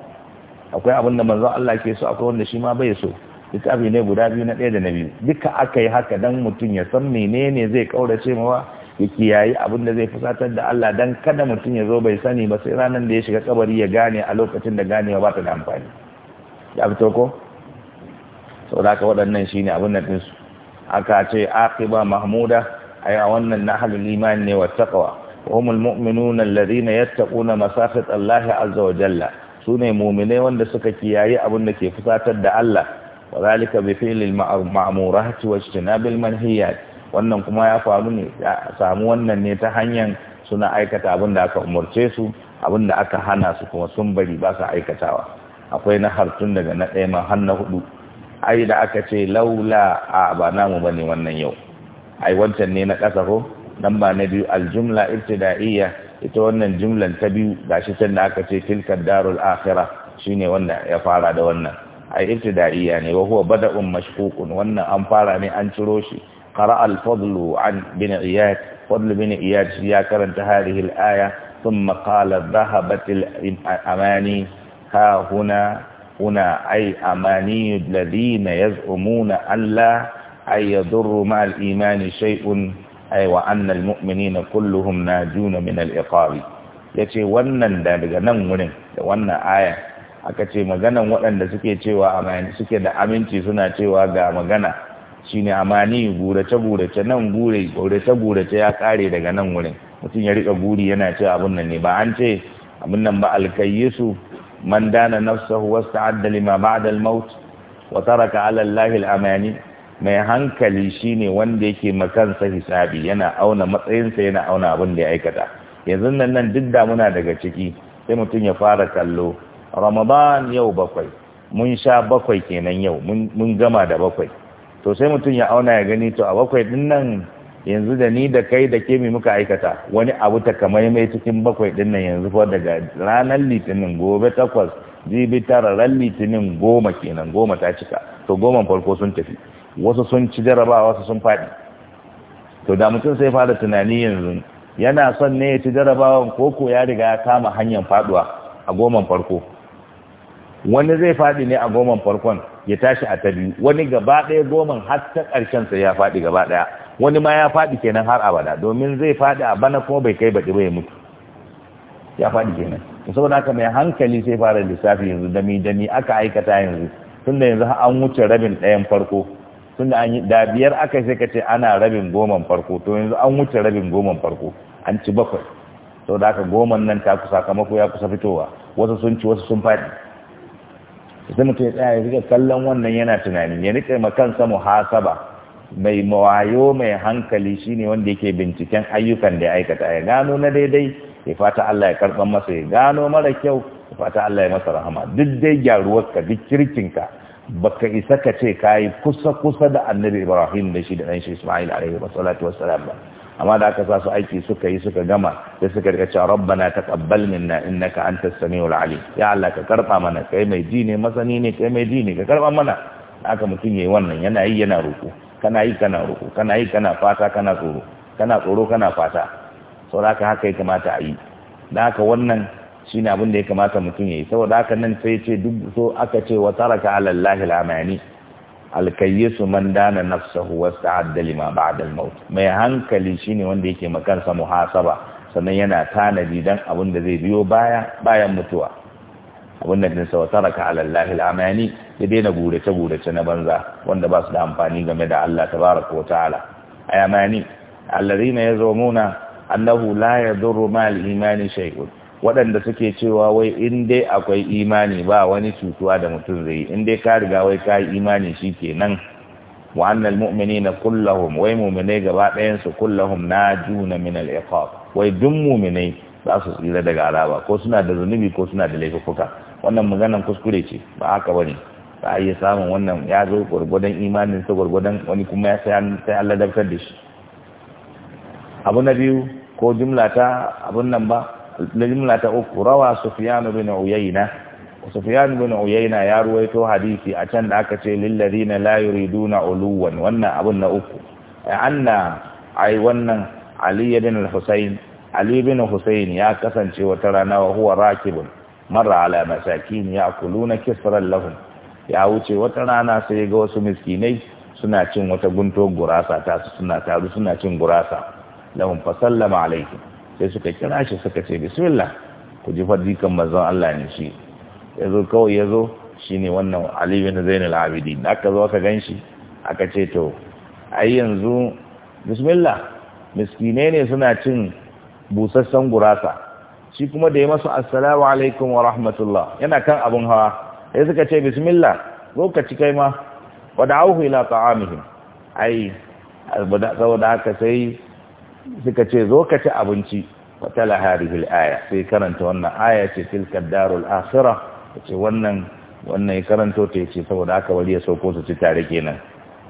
akwai abinda manzon Allah ke so akwai wanda shi ma bai so littafi ne guda biyu na ɗaya da na biyu duka aka yi haka dan mutum ya san menene zai kaurace mawa ya kiyaye abin da zai fusatar da Allah dan kada mutum ya zo bai sani ba sai ranar da ya shiga kabari ya gane a lokacin da ganewa ba ta da amfani ya fito ko sau da aka waɗannan shi ne abin da ɗinsu aka ce aqiba mahmuda yi a wannan na nahalul iman ne wa taqwa hum almu'minuna alladhina yattaquna masafat Allah azza wa jalla sune mu'mine wanda suka kiyaye abin da ke fusatar da Allah wa zalika bi fi'lil ma'murat wa ijtinabil manhiyat wannan kuma ya faru ne samu wannan ne ta hanyar suna aikata abin da aka umarce su abin da aka hana su kuma sun bari ba su aikatawa akwai na hartun daga na ɗaya ma har na hudu ai da aka ce laula a ba namu ba ne wannan yau ai wancan ne na ƙasa ko nan ba na biyu aljumla ibtida'iyya ita wannan jumlan ta biyu gashi can da aka ce tilka darul akhirah shine wanda ya fara da wannan ai ibtida'iyya ne wa huwa bada'un mashkukun wannan an fara ne an ciro shi qara al fadlu an bin iyad fadl bin iyad ya karanta hadhihi al aya thumma qala dhahabat al amani ha huna huna ai amani alladhina yaz'umuna alla ay yadurru ma al-imani shay'un ay wa anna al-mu'minina kulluhum yace wannan da daga nan wurin da wannan aya aka ce maganan waɗanda suke cewa amani suke da aminci suna cewa ga magana shine amani gurace gurace nan gure gurace gurace ya kare daga nan wurin mutum ya rika guri yana cewa abun nan ne ba an ce abun nan ba alkayyisu من دان نفسه واستعد لما بعد الموت وترك على الله الأماني mai hankali shine wanda yake makansa hisabi yana auna matsayinsa yana auna abin da ya aikata yanzu nan nan duk muna daga ciki sai mutum ya fara kallo ramadan yau bakwai mun sha bakwai kenan yau mun gama da bakwai to mutum ya auna ya gani to a bakwai din nan yanzu da ni da kai da ke mai muka aikata wani abu ta kamar mai cikin bakwai dinnan nan yanzu ko daga ranar litinin gobe takwas jibi tara ran litinin goma kenan goma ta cika to goma farko sun tafi wasu sun ci jaraba wasu sun faɗi to da mutum sai fara tunani yanzu yana son ne ya ci jarabawan koko ya riga ya kama hanyar faduwa a goman farko wani zai faɗi ne a goman farkon ya tashi a ta biyu wani gaba ɗaya goman har ta ƙarshen sai ya faɗi gaba ɗaya wani ma ya faɗi kenan har abada domin zai faɗi a bana kuma bai kai baɗi bai mutu ya faɗi kenan saboda haka mai hankali sai fara lissafi yanzu dami dami aka aikata yanzu tun da yanzu an wuce rabin ɗayan farko tun da an yi da biyar aka sai ka ce ana rabin goman farko to yanzu an wuce rabin goman farko an ci bakwai saboda haka goman nan ta kusa ko ya kusa fitowa wasu sun ci wasu sun faɗi sai mutum ya tsaya ya rika kallon wannan yana tunani ya rika ma kansa muhasaba mai mawayo mai hankali shine wanda yake binciken ayyukan da ya aikata ya gano na daidai ya fata Allah ya karɓar masa ya gano mara kyau ya fata Allah ya masa rahama duk dai gyaruwarka duk kirkinka baka isa ka ce kayi kusa kusa da annabi Ibrahim da shi da ɗan shi Ismail alaihi wasallatu wassalam ba amma da aka sa su aiki suka yi suka gama da suka rika cewa rabbana taqabbal minna innaka antas samiul alim ya Allah ka karba mana kai mai ji ne masani ne kai mai ji ne ka karba mana aka mutum yayi wannan yana yi yana ruku. kana yi kana ruku kana yi kana fata kana tsoro kana tsoro kana fata haka haka ya kamata a yi da haka wannan shine abin da ya kamata mutum ya yi saboda haka nan sai ce duk so aka ce wa taraka alallahi lamani al su alkayyisu man dana nafsahu wasta'adda lima ba'da al-maut mai hankali shine wanda yake makansa muhasaba sannan yana tanadi dan abin da zai biyo baya bayan mutuwa abin da dinsa wa raka ala Allah al-amani ya daina gurace gurace na banza wanda ba su da amfani game da Allah tabaraka wa ta'ala ayamani allazina yazumuna annahu la yadurru ma al-imani shay'un waɗanda suke cewa wai in dai akwai imani ba wani cutuwa da mutum zai in dai ka riga wai ka yi imani shikenan wa annal na kullahum wai mu'minai gaba ɗayansu su kullahum najuna min al-iqab wai duk mu'minai za su tsira daga araba ko suna da zunubi ko suna da laifuka wannan maganan kuskure ce ba aka bane ba a iya samun wannan ya zo gwargwadon imanin sa gwargwadon wani kuma ya sai an ladabtar da shi abu na biyu ko jumla ta abun nan ba na jumla ta uku rawa sufiyanu bin uyayna sufiyanu bin uyayna ya ruwaito hadisi a can da aka ce lil na la yuriduna uluwan wannan abun na uku anna ai wannan ali bin al-husayn ali bin ya kasance wata rana wa huwa rakibun marra ala masakin na kisran lahum ya wuce wata rana sai ga wasu miskinai suna cin wata gunto gurasa ta suna taru suna cin gurasa lahum fa sallama alaihi sai suka kira shi suka ce bismillah ku ji fadikan manzon Allah ne shi yazo kawai yazo shine wannan Ali bin Zainul Abidin aka zo aka ganshi aka ce to ai yanzu bismillah miskinai ne suna cin busassan gurasa shi kuma da ya masu assalamu alaikum wa rahmatullah yana kan abin hawa sai suka ce bismillah zo kai ma wada'uhu ila ta'amihim ai saboda haka sai suka ce zo ka ci abinci hadhihi al aya sai karanta wannan aya ce tilka darul akhirah ce wannan wannan karanto ta yace saboda haka wali ya sauko su ci tare kenan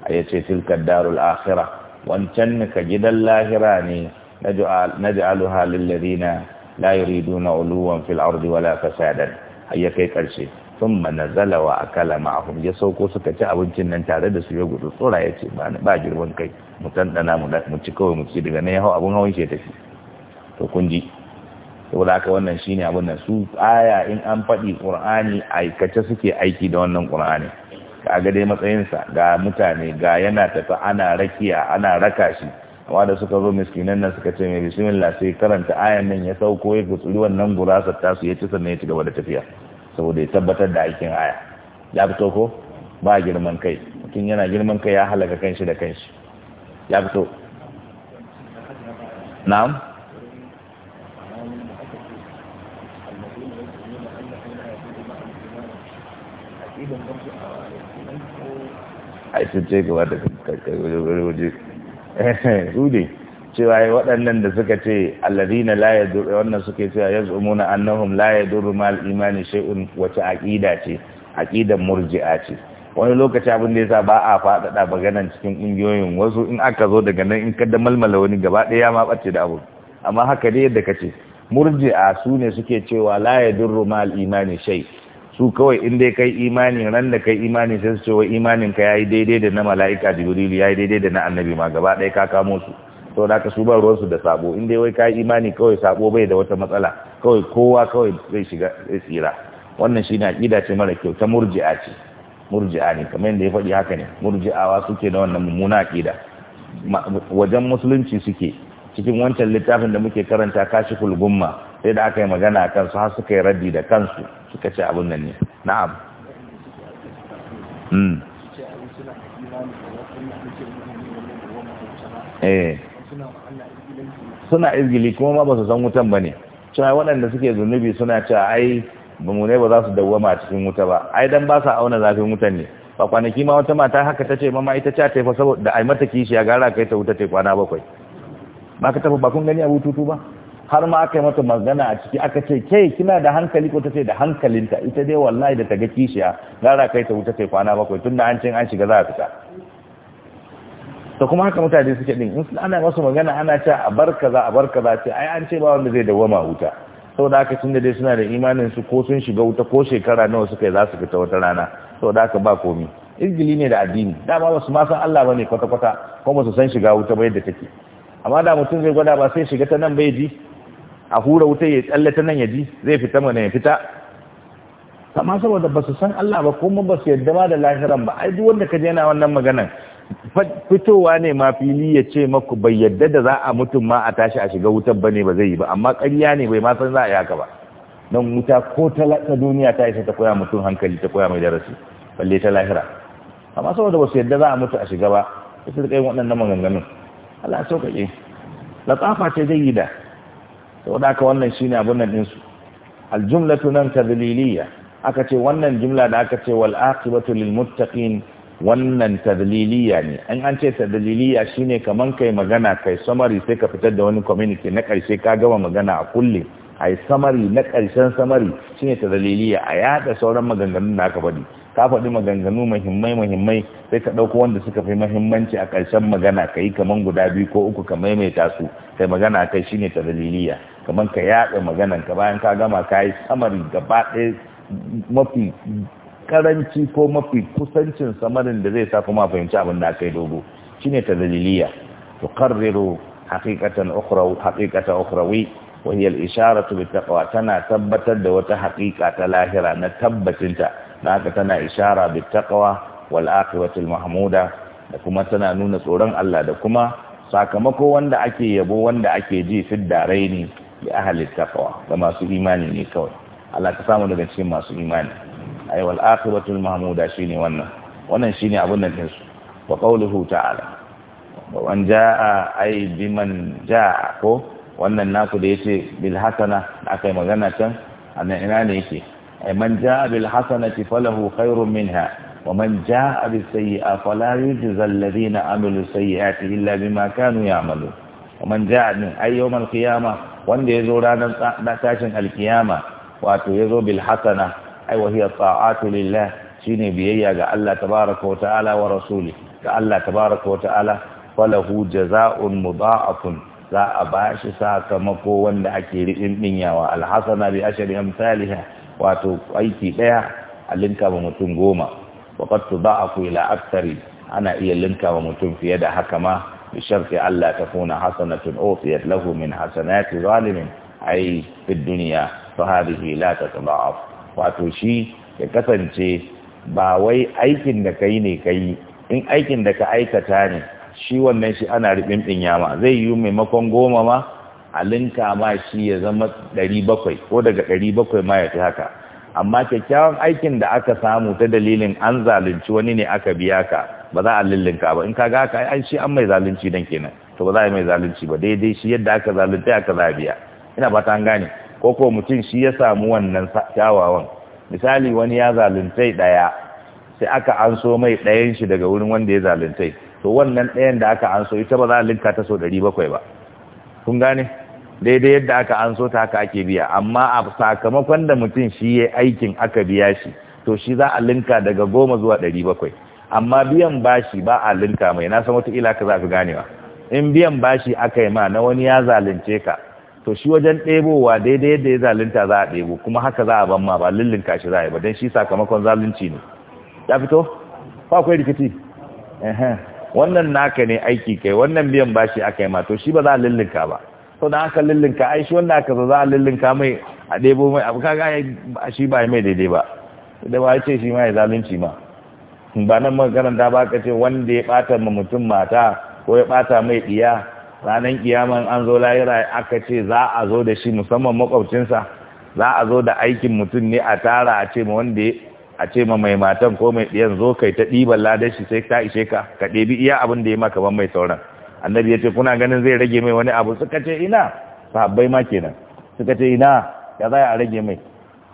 ayace yace tilka darul akhirah wancan ka gidan lahira ne naj'aluha lil ladina la na uluwan fil ardi wala fasadan hayya kai karshe thumma a wa akala ma'ahum ya sauko suka ci abincin nan tare da su ya gudu tsora ya ce ba girman kai mu tandana mu ci kawai mu ci daga ne hau abin hawan shi tafi to kun ji saboda haka wannan shine abin nan su aya in an faɗi ƙur'ani aikace suke aiki da wannan ka ga dai matsayinsa ga mutane ga yana tafi ana rakiya ana raka shi amma da suka zo miskinan nan suka ce mai bismillah sai karanta ayan nan ya sauko ya gutsuri wannan ta su ya ci sannan ya ci gaba da tafiya saboda ya tabbatar da aikin aya ya fito ko ba girman kai mutum yana girman kai ya halaka kanshi da kanshi ya fito na'am a sun ce gaba da wajen rude cewa yi waɗannan da suka ce alladina la wannan suke cewa muna annahum la yadur mal imani shay'un wace aqida ce aqidan murji'a ce wani lokaci abin da ya sa ba a faɗaɗa maganan cikin ƙungiyoyin wasu in aka zo daga nan in ka da malmala wani gaba ɗaya ma ɓace da abu amma haka dai yadda kace murji'a su ne suke cewa la mal imani shai. su kawai in dai kai imani ran da kai imani sai su ce wai imanin ka yayi daidai da na mala'ika jibril yayi daidai da na annabi ma gaba ɗaya ka kamo su to da ka su ba ruwan su da sabo in dai wai kai imani kawai sabo bai da wata matsala kawai kowa kawai zai shiga zai tsira wannan shine aqida ce mara kyau ta murji'a ce murji'a ne kamar yadda ya faɗi haka ne murji'awa suke da wannan mummuna aqida wajen musulunci suke cikin wancan littafin da muke karanta kashiful gumma sai da aka yi magana a kansu har suka yi raddi da kansu suka ce abin nan ne na'am mm eh suna izgili kuma ma ba su san wutan ba ne cewa waɗanda suke zunubi suna cewa ai ba mu ne ba za su dawwama a cikin wuta ba ai dan ba sa auna zafin wutan ne ba kwanaki ma wata mata haka ta ce mama ita ta fa saboda ai mata kishiya gara kai ta wuta ta kwana bakwai ba ka tafi ba gani a tutu ba har ma aka yi mata magana a ciki aka ce ke kina da hankali ko tace da hankalinta ita dai wallahi da ta ga kishiya gara kai ta wuta kai kwana bakwai tunda an cin an shiga za a fita to kuma haka mutane suke din in ana masu magana ana ce a bar kaza a bar kaza ce ai an ce ba wanda zai dawama wuta saboda haka tunda dai suna da imanin su ko sun shiga wuta ko shekara nawa suka yi za su fita wata rana saboda haka ba komi izgili ne da addini dama ba su ma san Allah bane kwata kwata kuma su san shiga wuta ba yadda take amma da mutum zai gwada ba sai shiga ta nan bai ji a hura wuta ya tsallata nan ya ji zai fita mana ya fita amma saboda ba su san Allah ba kuma ba su yadda ba da lahiran ba ai duk wanda ka je yana wannan maganan fitowa ne ma fili ya ce maku bai yadda da za a mutum ma a tashi a shiga wutar ba ne ba zai yi ba amma ƙarya ne bai ma san za a yi haka ba don wuta ko ta duniya ta isa ta koya mutum hankali ta koya mai darasi balle ta lahira amma saboda ba su yadda za a mutu a shiga ba sai su kai waɗannan maganganun Allah sauƙaƙe latsafa ce zai yi da da haka wannan shine abun nan ɗinsu aljumlatu nan tadliliya aka ce wannan jumla da aka ce wal aqibatu lil muttaqin wannan tadliliya ne an an ce tadliliya shine kaman kai magana kai samari sai ka fitar da wani community na karshe ka gama magana a kulle ai samari na karshen samari shine tadliliya a yaɗa sauran maganganun da aka faɗi ka faɗi maganganu muhimmai muhimmai sai ka ɗauko wanda suka fi muhimmanci a karshen magana ka yi kaman guda biyu ko uku ka maimaita su kai magana kai shine tadliliya kamar ka yaɗa maganan ka bayan ka gama ka yi samari gaba ɗaya mafi karanci ko mafi kusancin samarin da zai sa kuma fahimci abin da aka yi dogo shine ta daliliya to karriro haƙiƙatan ukrawi haƙiƙata ukrawi wa hiya al-isharatu bi taqwa tana tabbatar da wata haƙiƙa ta lahira na tabbacinta na haka tana ishara bi taqwa wal aqibatu mahmuda da kuma tana nuna tsoron Allah da kuma sakamako wanda ake yabo wanda ake ji fi daraini li ahli taqwa ga masu imani ne kawai Allah ka samu daga cikin masu imani ay wal aqibatul mahmuda shine wannan wannan shine abun nan din su wa qawluhu ta'ala wa an jaa ay biman jaa ko wannan naku da yace bil hasana akai magana can annan ina ne yake ay man jaa bil hasanati falahu khairun minha wa man jaa bis sayyi'a fala yujza alladhina amilu sayyi'ati illa bima kanu ya'malun ومن جاء من أي يوم القيامة wanda ya zo ranar tashin alkiyama wato ya zo bil hasana ai wa hiya ta'atu lillah shine biyayya ga Allah tabaraka wa ta'ala wa rasuli ga Allah tabaraka wa ta'ala falahu jaza'un mudha'afun za a bashi sakamako wanda ake riɗin dinyawa alhasana bi ashri amsalha wato aiki daya a linka ba mutum goma wa qad tudha'afu ila aktsari ana iya linka wa mutum fiye da haka ma بشرط ألا تكون حسنة أوفيت له من حسنات ظالم أي في الدنيا فهذه لا تتضاعف واتوشي يكسنشي باوي أيكن دكيني كي إن أيكن دك أيكا تاني shi wannan shi ana ribin din yama zai yiwu maimakon goma ma a ma shi ya zama ɗari ko daga ɗari bakwai ma ya fi haka amma kyakkyawan aikin da aka samu ta dalilin an zalunci wani ne aka biya ka ba za a lillinka ba in ka ga ka ai shi an mai zalunci dan kenan to ba za a mai zalunci ba daidai shi yadda aka zalunta aka zabiya ina ba ta an gane ko ko mutum shi ya samu wannan kyawawan misali wani ya zaluntai daya sai aka anso mai ɗayan shi daga wurin wanda ya zaluntai to wannan ɗayan da aka anso ita ba za a linka ta so ɗari ba kun gane daidai yadda aka anso ta haka ake biya amma a sakamakon da mutum shi ya aikin aka biya shi to shi za a linka daga goma zuwa ɗari bakwai amma biyan bashi ba a linka mai na san ila ka za ka ganewa in biyan bashi aka yi ma na wani ya zalunce ka to shi wajen ɗebowa daidai yadda ya zalunta za a ɗebo kuma haka za a ban ma ba lullunka shi za a yi ba don shi sakamakon zalunci ne ya fito ba akwai rikici wannan naka ne aiki kai wannan biyan bashi aka yi ma to shi ba za a lullunka ba to da aka lullunka ai shi wanda aka za a lullunka mai a ɗebo mai abu kaga shi ba mai daidai ba da ba ya ce shi ma ya zalunci ma ba nan makaranta ba ka ce wanda ya bata ma mutum mata ko ya bata mai ɗiya ranar kiyaman an zo lahira aka ce za a zo da shi musamman makwabcinsa za a zo da aikin mutum ne a tara a ce ma wanda a ce ma mai matan ko mai ɗiyan zo kai ta ɗiban ladar shi sai ta ishe ka ka ɗebi iya abin da ya maka ban mai sauran annabi ya ce kuna ganin zai rage mai wani abu suka ce ina sahabbai ma kenan suka ce ina ya za a rage mai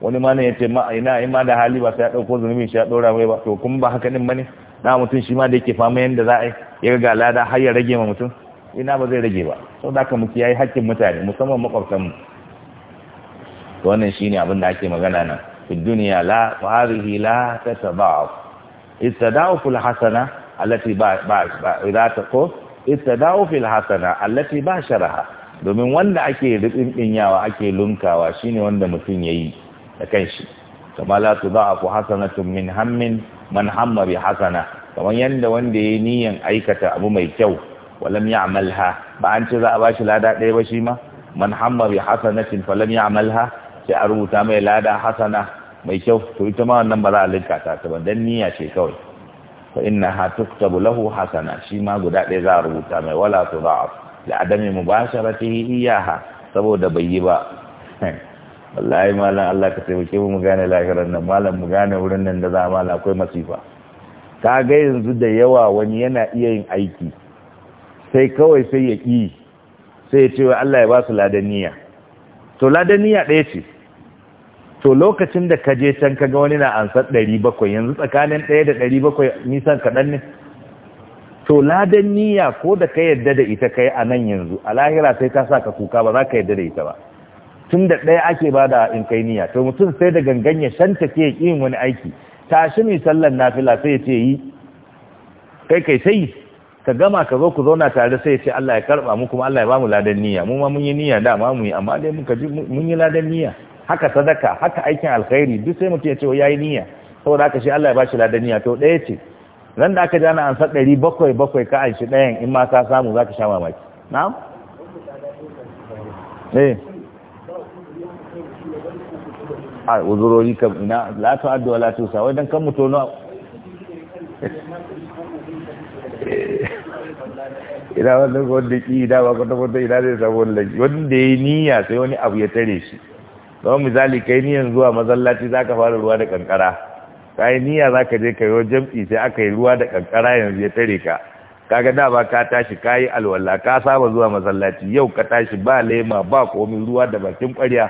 wani ma ne ya ce ma ina in ma da hali ba sai ya ɗauko zunubin shi ya ɗora mai ba to kuma ba haka ɗin ba ne na mutum shi ma da yake fama yadda za a yi ya ga lada har ya rage ma mutum ina ba zai rage ba sau da muke ya yi hakkin mutane musamman makwabtanmu to wannan ne abin da ake magana nan fi duniya la wa hadhihi la tatadaf istadafu alhasana allati ba ba idza taqu istadafu allati domin wanda ake rubin yawa ake lunkawa shine wanda mutum ya yi. da shi kama la tudha'afu hasanatun min hammin man hamma bi hasana kamar yanda wanda yi niyan aikata abu mai kyau walam ya'malha ba an ce za a bashi lada ɗaya ba shi ma man hamma bi hasanatin falam ya'malha sai a rubuta mai lada hasana mai kyau to ita ma wannan ba za a linka ta ta ba dan niyya ce kawai fa ha tuktabu lahu hasana shi ma guda ɗaya za a rubuta mai wala tudha'af li adami mubasharatihi iyaha saboda bai yi ba wallahi malam Allah ka taimake mu gane lahiran nan malam mu gane wurin nan da za malam akwai masifa ka ga yanzu da yawa wani yana iya yin aiki sai kawai sai ya ƙi sai ya ce wa Allah ya ba su ladaniya to ladaniya ɗaya ce to lokacin da ka je can ka ga wani na ansar ɗari bakwai yanzu tsakanin ɗaya da ɗari bakwai nisan kaɗan ne to ladaniya ko da ka yarda da ita kai a nan yanzu a lahira sai ka sa ka kuka ba za ka yarda da ita ba tun da ɗaya ake ba da in kai niyya to mutum sai da gangan ya shanta ke yin wani aiki Ta tashi mai sallan nafila sai ya ce yi kai kai sai ka gama ka zo ku zauna tare sai ya ce Allah ya karba mu kuma Allah ya ba mu ladan niyya mu ma mun yi niyya da ma mu yi amma dai ji mun yi ladan niyya haka sadaka haka aikin alkhairi duk sai mutum ya ce yayi niyya saboda haka shi Allah ya ba shi ladan niyya to ɗaya ce ran da aka ji ana ansa ɗari bakwai bakwai ka an shi ɗayan in ma ka samu za ka sha mamaki na'am eh a uzurori kam ina la addu'a la ta kan mutu na ina wannan wanda ki ina ba kwata kwata ina zai samu wanda ya yi niyya sai wani abu ya tare shi don misali kai niyan zuwa masallaci za ka fara ruwa da kankara ka yi niyya za ka je ka yi jam'i sai aka yi ruwa da kankara yanzu ya tare ka kaga da ba ka tashi ka yi alwala ka saba zuwa masallaci yau ka tashi ba lema ba komi ruwa da bakin kwarya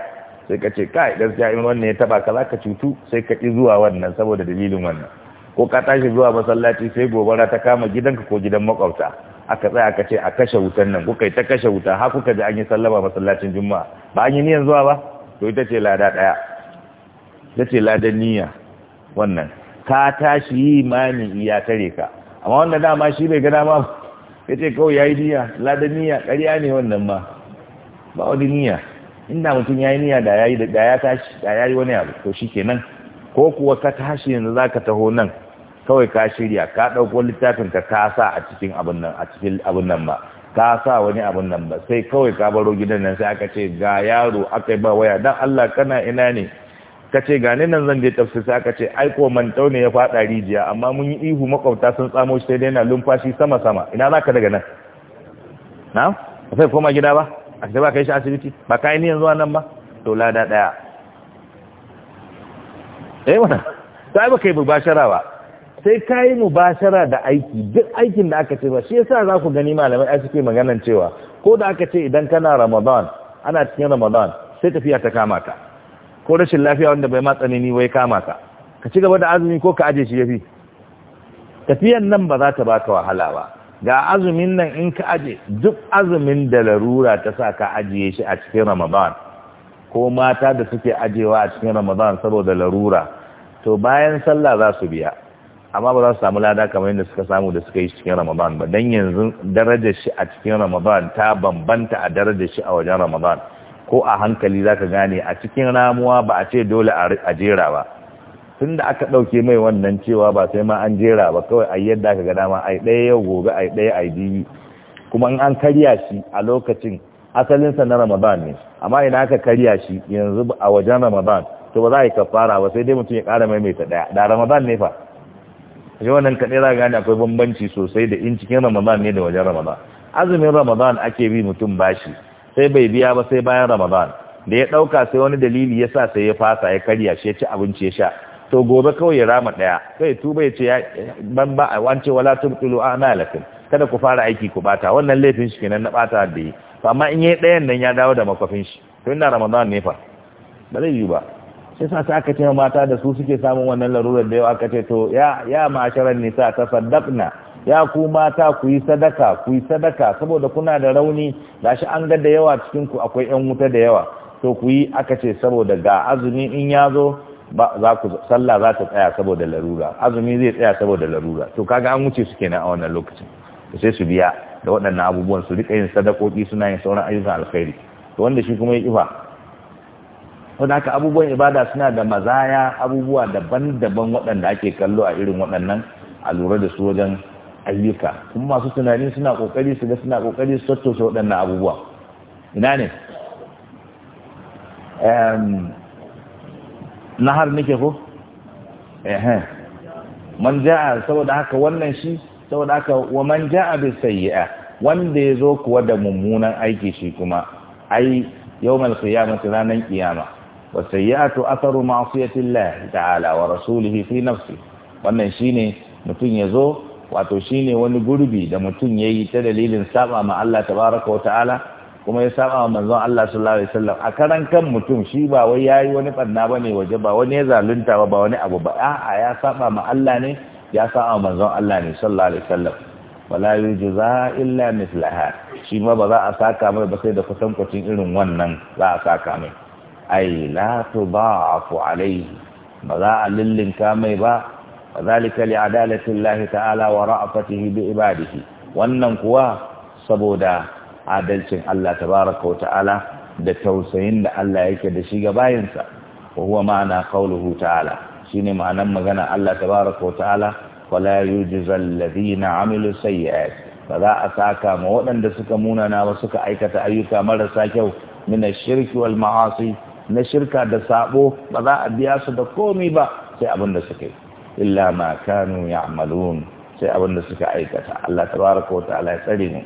sai ka ce kai gaskiya in wannan ya taba ka zaka cutu sai ka ki zuwa wannan saboda dalilin wannan ko ka tashi zuwa masallaci sai gobara ta kama gidanka ko gidan makwabta aka tsaya aka ce a kashe wutan nan kai ta kashe wuta har kuka ji an yi sallama masallacin juma'a ba an yi niyan zuwa ba to ita ce lada daya ita ce ladan niyya wannan ka tashi yi imani iya tare ka amma wannan dama shi bai ga dama ya ce kawai ya yi niyya ladan niyya ƙarya ne wannan ma ba wani niyya inda mutum ya yi niyya da ya yi da ya yi wani abu to shi kenan ko kuwa ka tashi yanzu za ka taho nan kawai ka shirya ka ɗauko littafin ka ka sa a cikin abin nan ba ka sa wani abin nan ba sai kawai ka baro gidan nan sai aka ce ga yaro aka yi ba waya dan Allah kana ina ne ka ce ga ni nan zan je tafsir sai aka ce ai ko mantau ne ya faɗa rijiya amma mun yi ihu makwabta sun tsamo shi sai dai na lumfashi sama sama ina za ka daga nan na sai koma gida ba a sai ba yi shi asibiti ba ka niyan zuwa nan ba to lada daya eh wannan sai ba kai mubashara ba sai ka yi mubashara da aiki duk aikin da aka ce ba shi yasa za ku gani malamai a suke maganan cewa ko da aka ce idan kana ramadan ana cikin ramadan sai tafiya ta kama ka ko rashin lafiya wanda bai ma tsanani wai kama ka ka ci gaba da azumi ko ka aje shi yafi tafiyan nan ba za ta baka wahala ba ga azumin nan in ka aje duk azumin da larura ta sa ka ajiye shi a cikin ramadan ko mata da suke ajiyewa a cikin ramadan saboda larura to bayan sallah za su biya amma ba za su samu lada kamar yadda suka samu da suka yi cikin ramadan ba dan yanzu darajar shi a cikin ramadan ta bambanta a darajar shi a wajen ramadan ko a hankali za ka gane a cikin ramuwa ba a ce dole a jera ba tun da aka ɗauke mai wannan cewa ba sai ma an jera ba kawai a yadda aka ga dama ai ɗaya yau gobe ai ɗaya ai biyu kuma in an karya shi a lokacin asalinsa na ramadan ne amma ina aka karya shi yanzu a wajen ramadan to ba za a yi kafara ba sai dai mutum ya ƙara maimaita ɗaya da ramadan ne fa shi wannan kaɗai za a gane akwai bambanci sosai da in cikin ramadan ne da wajen ramadan azumin ramadan ake bi mutum bashi sai bai biya ba sai bayan ramadan da ya ɗauka sai wani dalili ya sa sai ya fasa ya karya shi ya ci abinci ya sha to gobe kawai ya rama daya sai tuba ya ce ban ba a wance wala tubtilu a'malakum kada ku fara aiki ku bata wannan laifin shi kenan na bata da yi to amma in yayi dayan nan ya dawo da makwafin shi to ina ramadan ne fa ba zai yi ba sai sa ta aka ce mata da su suke samun wannan larurar da yau aka ce to ya ya ma'asharan nisa tasaddaqna ya ku mata ku yi sadaka ku yi sadaka saboda kuna da rauni gashi an ga da yawa cikin ku akwai yan wuta da yawa to ku yi aka ce saboda ga azumi in ya zo za ku sallah za ta tsaya saboda larura azumi zai tsaya saboda larura to kaga an wuce su kenan a wannan lokacin to sai su biya da waɗannan abubuwan su rika yin sadakoki suna yin sauran ayyukan alkhairi to wanda shi kuma ya kifa wanda haka abubuwan ibada suna da mazaya abubuwa daban-daban waɗanda ake kallo a irin waɗannan a lura da su wajen ayyuka kuma masu tunani suna ƙoƙari su ga suna kokari su tattausa waɗannan abubuwa ina ne nahar nake ko ehe man ja'a saboda haka wannan shi saboda haka wa man ja'a bi sayyi'a wanda yazo kuwa da mummunan aiki shi kuma ai yawmal qiyamati ranan kiyama wa sayyi'atu atharu ma'siyatillahi ta'ala wa rasulihi fi nafsi wannan shine mutun yazo wato shine wani gurbi da mutun yayi ta dalilin saba ma Allah tabaaraka wa ta'ala kuma ya saba wa manzon Allah sallallahu alaihi wasallam a karan kan mutum shi ba wai yayi wani banna bane waje ba wani ya zalunta ba ba wani abu ba a'a ya saba ma Allah ne ya saba wa manzon Allah ne sallallahu alaihi wasallam wala yujza illa mithlaha shi ma ba za a saka mai ba sai da kusan irin wannan za a saka mai ai la tudafu alaihi ba za a lillinka mai ba zalika li adalatillahi ta'ala wa ra'fatihi bi ibadihi wannan kuwa saboda adalcin Allah tabaraka wa ta'ala da tausayin da Allah yake da shi ga bayansa. wa huwa ma'ana qawluhu ta'ala shine ma'anan magana Allah tabaraka wa ta'ala wala yujzal ladina amilu sayyi'at ba za a saka ma waɗanda suka munana ba suka aikata ayyuka marasa kyau min ash-shirki wal ma'asi na shirka da sabo ba za a biya su da komi ba sai abin da suka yi illa ma kanu ya'malun sai abin da suka aikata Allah tabaraka wa ta'ala ya tsare mu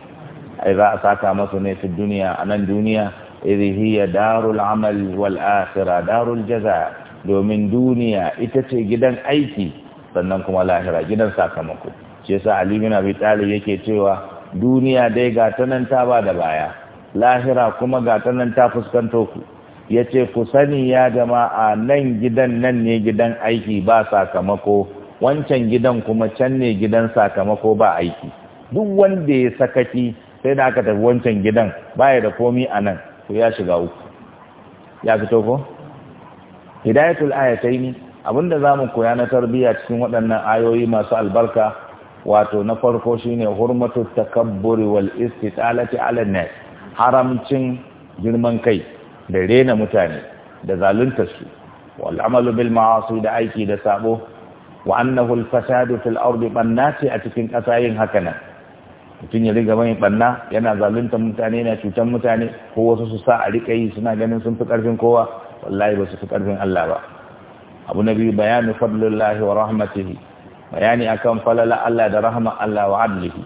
ai za a saka masa ne duniya a nan duniya iri hiya darul amal wal akhirah darul jaza domin duniya ita ce gidan aiki sannan kuma lahira gidan sakamako shi yasa Ali bin Abi Talib yake cewa duniya dai ga ta nan ta ba da baya lahira kuma ga ta nan ta fuskanto ku ya ce ku sani ya jama'a nan gidan nan ne gidan aiki ba sakamako wancan gidan kuma can ne gidan sakamako ba aiki duk wanda ya sakaki sai da aka tafi wancan gidan baya da komi a nan to ya shiga uku ya fito ko hidayatul ayataini abinda zamu koya na tarbiyya cikin waɗannan ayoyi masu albarka wato na farko shine hurmatu takabburi wal istitalati ala haramcin girman kai da rena mutane da zalunta su wal amalu bil ma'asi da aiki da sabo wa annahu al fasadu fil ardi bannati a cikin ƙasa yin haka nan mutum ya riga mai banna yana zalunta mutane yana cutar mutane ko wasu su sa a rika yi suna ganin sun fi karfin kowa wallahi ba su fi karfin Allah ba abu na biyu bayani fadlillahi wa rahmatihi bayani akan falala Allah da rahama Allah wa adlihi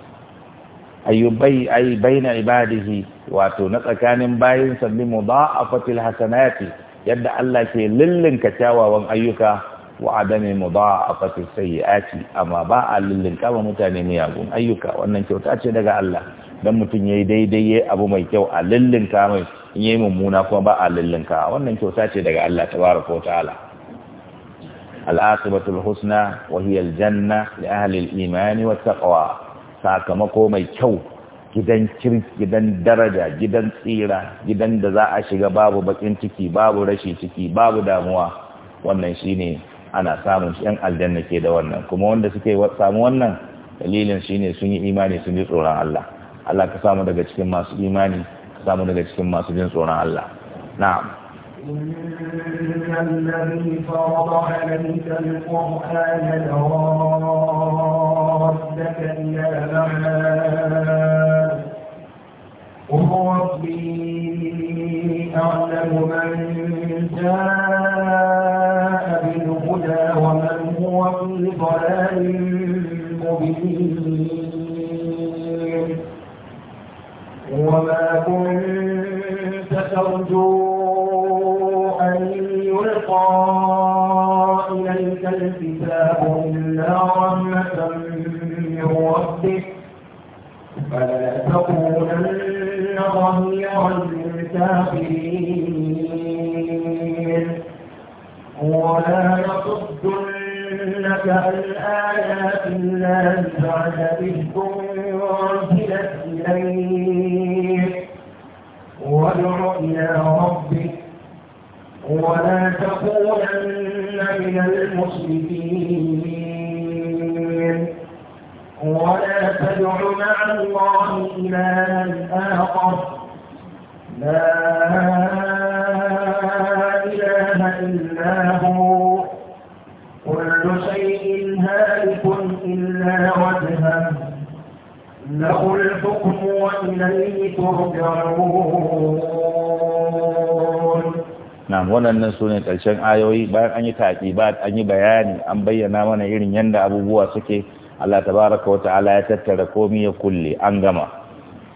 ayyubai ai baina ibadihi wato na tsakanin bayin sabbi mudha'afatil hasanati yadda Allah ke lullunka kyawawan ayyuka wa adami mudha'afati sayyi'ati amma ba a lullunka ba mutane miyagun ayyuka wannan kyauta ce daga Allah dan mutum yayi daidai yayi abu mai kyau a lullunka mai in yayi mummuna kuma ba a lullunka wannan kyauta ce daga Allah tabaraka wa ta'ala al-aqibatu al-husna wa hiya al-janna li ahli al-iman wa taqwa sakamako mai kyau gidan kirki gidan daraja gidan tsira gidan da za a shiga babu bakin ciki babu rashi ciki babu damuwa wannan shine ana samun shi yan aljanna ke da wannan kuma wanda suke samu wannan dalilin shine sun yi imani sun yi tsoron Allah Allah ka samu daga cikin masu imani ka samu daga cikin masu jin tsoron Allah na'am قل ربي أعلم من جاء في ضلال مبين وما كنت ترجو أن يلقى إليك الكتاب إلا رحمة من ربك فلا تكونن ظهيرا للكافرين ولا يصد إنك عن آيات الله بعد إذ إليك وادع إلى ربك ولا تكونن من المشركين ولا تدع مع الله إلى آخر لا إله إلا هو شيء هالك إلا وجهه له الحكم وإليه ترجعون Na'am waɗannan su ne ƙarshen ayoyi bayan an yi taƙibat an yi bayani an bayyana mana irin yadda abubuwa suke Allah baraka wata ala ya tattara komi ya kulle an gama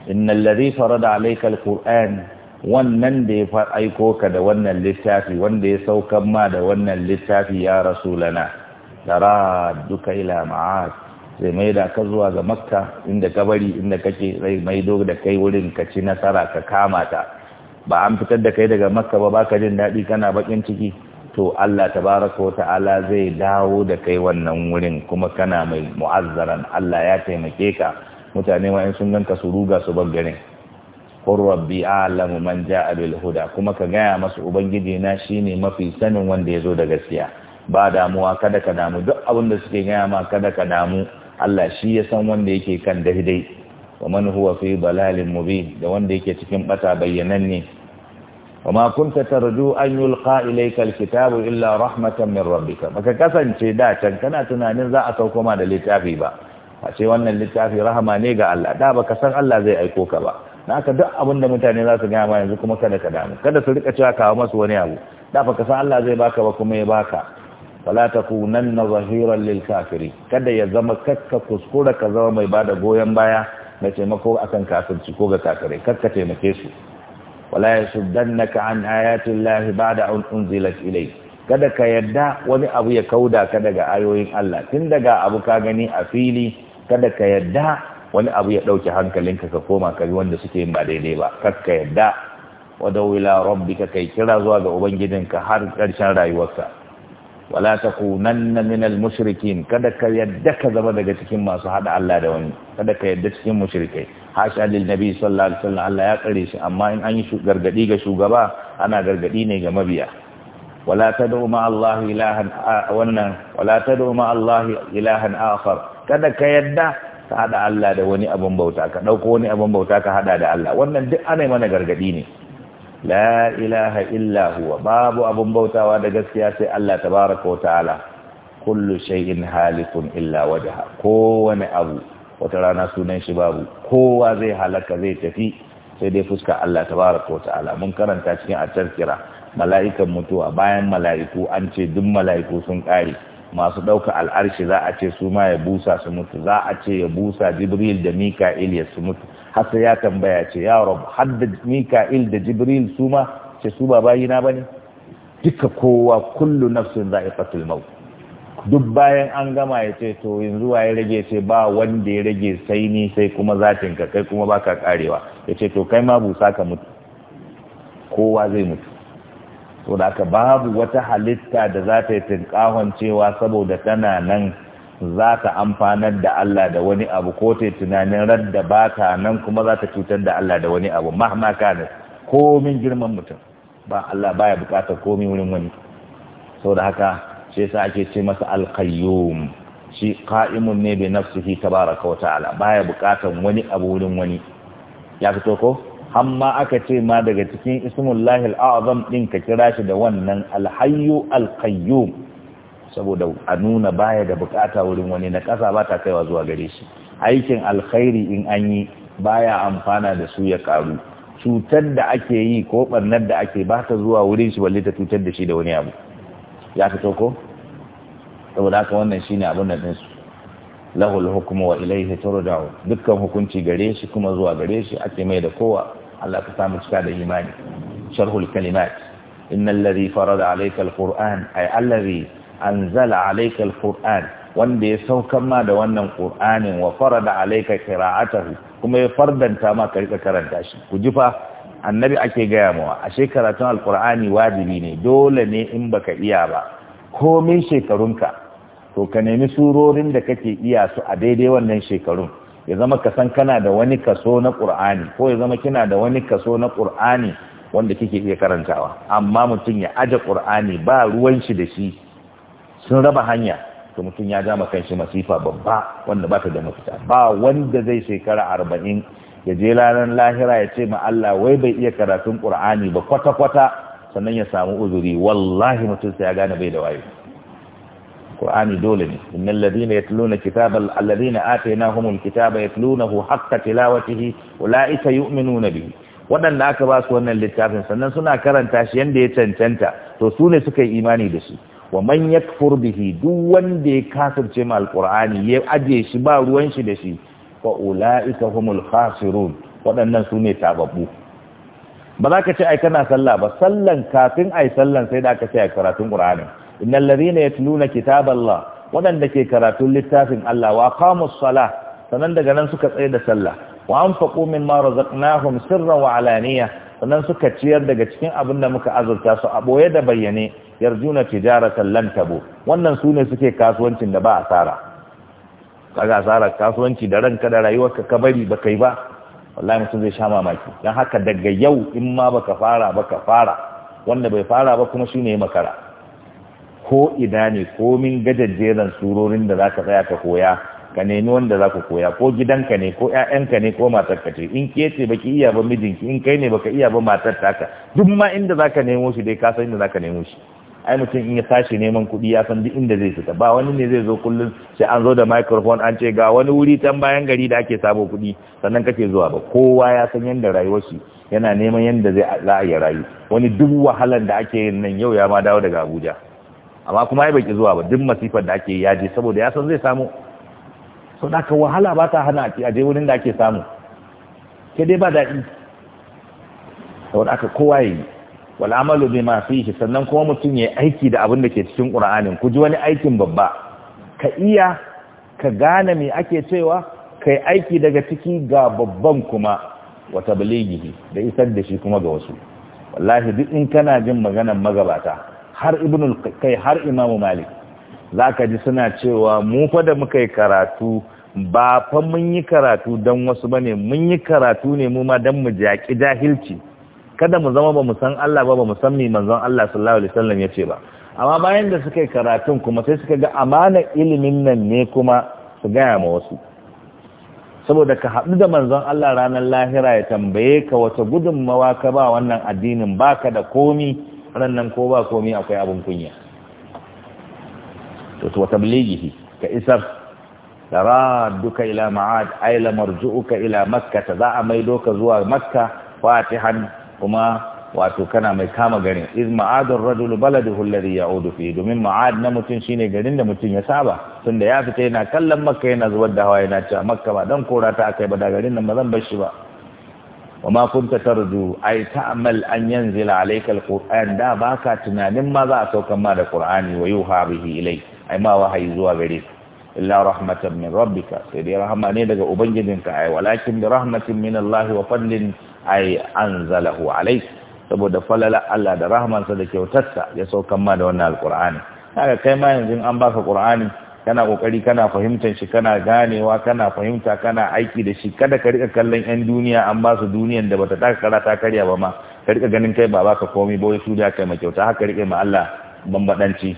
innal ladhi farada alayka alquran wannan da ya aiko ka da wannan littafi wanda ya saukar ma da wannan littafi ya rasulana tara duka ila ma'ad zai mai da ka zuwa ga makka inda ka bari inda kake zai maido da kai wurin ka ci nasara ka kama ta ba an fitar da kai daga makka ba baka jin daɗi kana bakin ciki to Allah tabaraka ta'ala zai dawo da kai wannan wurin kuma kana mai mu'azzaran Allah ya taimake ka mutane wa'in sun ganka su ruga su bar garin qur rabbi a'lamu man ja'a bil huda kuma ka gaya masu ubangiji na shine mafi sanin wanda ya zo da gaskiya ba damuwa kada ka damu duk abin da suke gaya ma kada ka damu Allah shi ya san wanda yake kan daidai wa man huwa fi dalalin mubin da wanda yake cikin bata bayyananne wa ma kunta tarju an yulqa ilayka alkitabu illa rahmatan min rabbika baka kasance da can kana tunanin za a sauko ma da littafi ba a ce wannan littafi rahama ne ga Allah da baka san Allah zai aiko ka ba na ka duk abin da mutane za su gaya ma yanzu kuma kada ka damu kada su rika cewa kawo masu wani abu da baka san Allah zai baka ba kuma ya baka fala takunanna zahiran lil kafiri kada ya zama kakka kuskura ka zama mai bada goyon baya na taimako akan kafirci ko ga kafirai kakka taimake su wala yasuddannaka an ayati llahi ba'da an unzilat ilayk kada ka yadda wani abu ya kauda ka daga ayoyin Allah tun daga abu ka gani a fili kada ka yadda wani abu ya dauke hankalinka ka koma ka bi wanda suke yin ba daidai ba kakka yadda wadawila rabbika kai kira zuwa ga ubangijinka har karshen rayuwarsa. wala kunanna minal mushrikin kada ka yadda ka zama daga cikin masu hada Allah da wani kada ka yadda cikin mushrikai hasha lil nabi sallallahu alaihi wasallam Allah ya tsare shi amma in an yi gargadi ga shugaba ana gargadi ne ga mabiya wala tad'u ma Allah ilahan wannan wala tad'u ma Allah ilahan akhar kada ka yadda ka hada Allah da wani abun bauta ka dauko wani abun bauta ka hada da Allah wannan duk ana mana gargadi ne la ilaha illa huwa babu abun bautawa da gaskiya sai Allah tabaraka wa ta'ala kullu shay'in halikun illa wajha kowane abu wata rana sunan shi babu kowa zai halaka zai tafi sai dai fuska Allah tabaraka wa ta'ala mun karanta cikin at-tazkira mala'ikan mutuwa bayan mala'iku an ce duk mala'iku sun kare masu dauka al'arshi za a ce su ma ya busa su mutu za a ce ya busa jibril da mika'il ya su mutu har sai ya tambaya ce ya rabu hadda mika'il da jibril su ma ce su ba bayina ba ne duka kowa kullu nafsin za'iqatul maut duk bayan an gama ya ce to yanzu waye rage ce ba wanda ya rage sai ni sai kuma zatin ka kai kuma baka karewa ya ce to kai ma busa ka mutu kowa zai mutu to da aka babu wata halitta da za ta yi tinkahon cewa saboda tana nan za ta amfanar da Allah da wani abu ko ta tunanin radda ba ta nan kuma za ta cutar da Allah da wani abu mahma kana komin girman mutum ba Allah ba baya bukatar komi wurin wani da haka shi sa ake ce masa alkayyum shi ka'imun ne bi nafsihi ka wa ta'ala baya bukatar wani abu wurin wani ya fito ko amma aka ce ma daga cikin ismullahi al din ka kira shi da wannan alhayyu alkayyum saboda a nuna baya da bukata wurin wani na ƙasa ba ta kaiwa zuwa gare shi aikin alkhairi in an yi baya amfana da su ya karu cutar da ake yi ko barnar da ake ba ta zuwa wurin shi balle ta cutar da shi da wani abu ya fito ko saboda haka wannan shi ne abin da ɗin su lahul hukmu wa ilaihi turja'u dukkan hukunci gare shi kuma zuwa gare shi ake mai da kowa Allah ka samu cika da imani sharhul kalimat innal ladhi farada alayka alquran ay allazi anzala alayka qur'an wanda ya saukar ma da wannan qur'anin wa farada alayka qira'atahu kuma ya fardanta ma ka rika karanta shi ku ji fa annabi ake gaya mawa ashe karatun alqur'ani wajibi ne dole ne in baka iya ba komin shekarunka to ka nemi surorin da kake iya su a daidai wannan shekarun ya zama ka san kana da wani kaso na qur'ani ko ya zama kina da wani kaso na qur'ani wanda kike iya karantawa amma mutum ya aje qur'ani ba ruwan shi da shi sun raba hanya to mutum ya zama kanshi masifa babba wanda ba ta da mafita ba wanda zai shekara arba'in ya je ranar lahira ya ce ma Allah wai bai iya karatun Qur'ani ba kwata-kwata sannan ya samu uzuri wallahi mutum sai ya gane bai da wayo Qur'ani dole ne innal ladina yatluna kitabal alladina atainahumul kitaba yatlunahu haqqa tilawatihi ulaika yu'minuna bihi waɗanda aka ba su wannan littafin sannan suna karanta shi yanda ya cancanta to su ne suka yi imani da shi wa man yakfur bihi duk wanda ya kasance ma alqur'ani ya aje shi ba ruwan shi da shi fa ulaika humul khasirun waɗannan su ne tababbu ba za ka ce ai kana sallah ba sallan kafin ai sallan sai da aka ce ai karatun qur'ani innal ladhina yatluna kitaballah waɗanda ke karatun littafin Allah wa qamus salah sanan daga nan suka tsaye da sallah wa anfaqu mimma razaqnahum sirran wa alaniya sannan suka ciyar daga cikin abin da muka azurta su a boye da bayyane yarjuna tijaratan lan tabo wannan su ne suke kasuwancin da ba asara kaga tsara kasuwanci da ranka da rayuwarka ka bari ba kai ba wallahi mutum zai sha mamaki Don haka daga yau in ma baka fara baka fara wanda bai fara ba kuma shine makara ko ina ne komin gajajjeran surorin da zaka tsaya ka koya ka nemi wanda za ku koya ko gidanka ne ko ƴaƴanka ne ko matarka ce in ke ce baki iya ba mijinki in kai ne baka iya ba matar taka duk ma inda za ka nemo shi dai ka san inda ka nemo shi ai mutum in ya tashi neman kuɗi ya san duk inda zai fita ba wani ne zai zo kullum sai an zo da microphone an ce ga wani wuri tan bayan gari da ake sabo kuɗi sannan kake zuwa ba kowa ya san yanda rayuwar shi yana neman yanda zai za a yi rayu wani duk wahalar da ake yin nan yau ya ma dawo daga Abuja amma kuma ai baki zuwa ba duk masifar da ake yi ya je saboda ya san zai samu so da ka wahala ba ta hana a je wurin da ake samu ke dai ba daɗi saboda aka kowa yi wal amalu bima fihi sannan kuma mutum ya aiki da abin da ke cikin qur'anin ku ji wani aikin babba ka iya ka gane me ake cewa kai aiki daga ciki ga babban kuma Wata tablighihi da isar da shi kuma ga wasu wallahi duk in kana jin maganar magabata har ibnul kai har imamu malik zaka ji suna cewa mu fa da muka yi karatu ba fa mun yi karatu don wasu ba ne mun yi karatu ne mu ma don mu jaƙi jahilci kada mu zama ba mu san Allah ba ba mu san mai manzon Allah sallallahu alaihi wasallam ya ce ba amma bayan da suka yi karatun kuma sai suka ga amana ilimin nan ne kuma su gaya ma wasu saboda ka haɗu da manzon Allah ranar lahira ya tambaye ka wata gudunmawa ka ba wannan addinin baka da komi ran nan ko ba komi akwai abin kunya to wata tabligihi ka isar taradduka ila ma'ad ay la marju'uka ila makkah za a maido ka zuwa makka fatihan kuma wato kana mai kama garin iz ma'adur rajul baladuhu alladhi ya'udu fi domin ma'ad na mutum shine garin da mutum ya saba tunda ya fita yana kallon makka yana zubar da hawaye yana cewa makka ba dan kora ta akai ba da garin nan ba zan bar shi ba wa ma kunta tarju ay ta'mal an yanzila alayka alquran da baka tunanin ma za a saukan ma da qur'ani wa yuha bihi ilay ai ma wahayi zuwa gare illa rahmatan min rabbika sai dai rahama ne daga ubangijinka ai walakin bi rahmatin min Allah wa fadlin ai anzalahu alayk saboda falala Allah da rahmansa da kyautarsa ya saukan ma da wannan alqur'ani kaga kai ma yanzu an baka qur'ani kana kokari kana fahimtar shi kana ganewa kana fahimta kana aiki da shi kada ka rika kallon yan duniya an ba su duniyar da bata taka karata ta karya ba ma ka rika ganin kai ba baka komai ba wai su da kai ma kyauta haka rike ma Allah bambadanci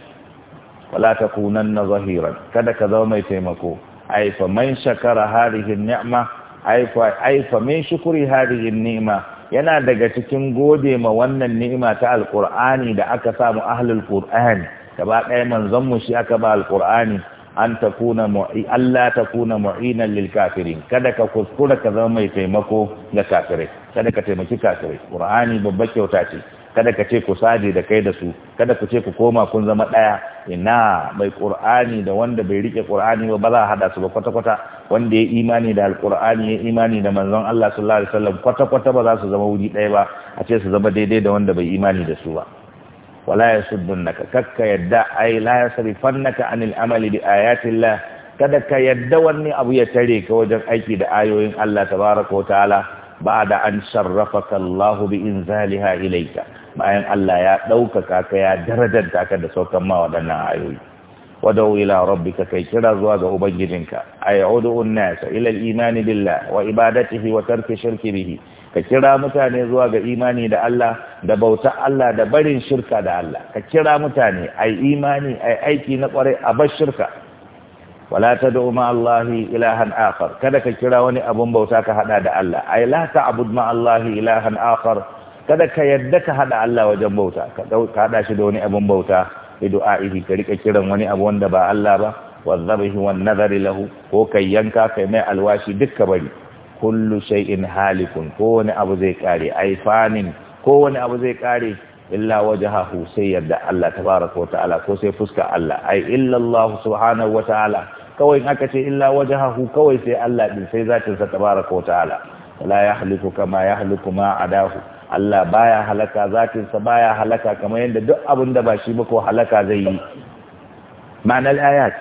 wala takunanna zahiran kada ka zama mai taimako ai fa man shakara hadhihi ni'ma ai fa min shukri hadhihi ni'ma yana daga cikin gode ma wannan ni'ima ta alqur'ani da aka samu ahlul qur'an gaba ɗaya manzon mu shi aka ba alqur'ani an takuna mu'i Allah takuna mu'inan lil kafirin kada ka kuskura ka zama mai taimako ga kafirai kada ka taimaki kafirai qur'ani babbar kyauta ce kada ka ce ku saje da kai da su kada ku ce ku koma kun zama ɗaya ina mai qur'ani da wanda bai rike qur'ani ba ba za a hada su ba kwata kwata wanda ya imani da alqur'ani ya imani da manzon Allah sallallahu alaihi wasallam kwata kwata ba za su zama wuri ɗaya ba a ce su zama daidai da wanda bai imani da su ba wala yasuddunaka kakka yadda ai la yasrifannaka anil amali bi ayatillah kada ka yadda wani abu ya tare ka wajen aiki da ayoyin Allah tabaraka wa ta'ala ba da an sharrafaka Allah bi inzaliha ilayka bayan Allah ya ɗaukaka ka ya darajanta ka da saukan ma waɗannan ayoyi wadau ila ka kai kira zuwa ga ubangijinka ay udu an-nas ila imani billah wa ibadatihi wa tarki shirki bihi ka kira mutane zuwa ga imani da Allah da bauta Allah da barin shirka da Allah ka kira mutane ai imani a aiki na kwarai a bar shirka wala tad'u ma Allah ilahan akhar kada ka kira wani abun bauta ka hada da Allah ai la ta'bud ma Allah ilahan akhar kada ka yadda ka haɗa Allah wajen bauta ka haɗa shi da wani abin bauta bi du'a'ihi ka rika kiran wani abu wanda ba Allah ba wadhabihi wan nazari lahu ko kai yanka kai mai alwashi dukka bari kullu shay'in halikun ko wani abu zai kare ai fanin ko wani abu zai kare illa wajhahu sai yadda Allah tabaraka wa ta'ala ko sai fuska Allah ai illa Allah subhanahu wa ta'ala kawai in aka ce illa wajhahu kawai sai Allah din sai zatin sa tabaraka wa ta'ala la yahliku kama yahliku ma adahu Allah baya halaka zatinsa baya halaka kamar yadda duk abin da ba shi ba ko halaka zai yi ma'anar ayat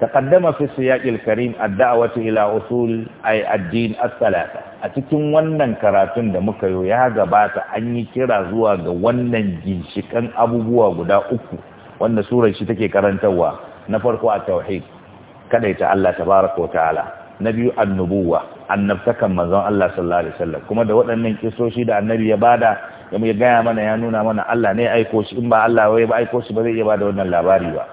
taqaddama fi siyaqil karim ad dawati ila usul ay ad-din as-salata a cikin wannan karatun da muka yo ya gabata an yi kira zuwa ga wannan ginshikan abubuwa guda uku wanda surar shi take karantarwa na farko a tauhid kadaita Allah tabaraka wa ta'ala na biyu annubuwa annabtakan manzon Allah sallallahu alaihi wasallam kuma da waɗannan kisoshi da annabi ya bada ya mu gaya mana ya nuna mana Allah ne ya aiko shi in ba Allah ya ba aiko shi ba zai iya bada wannan labari ba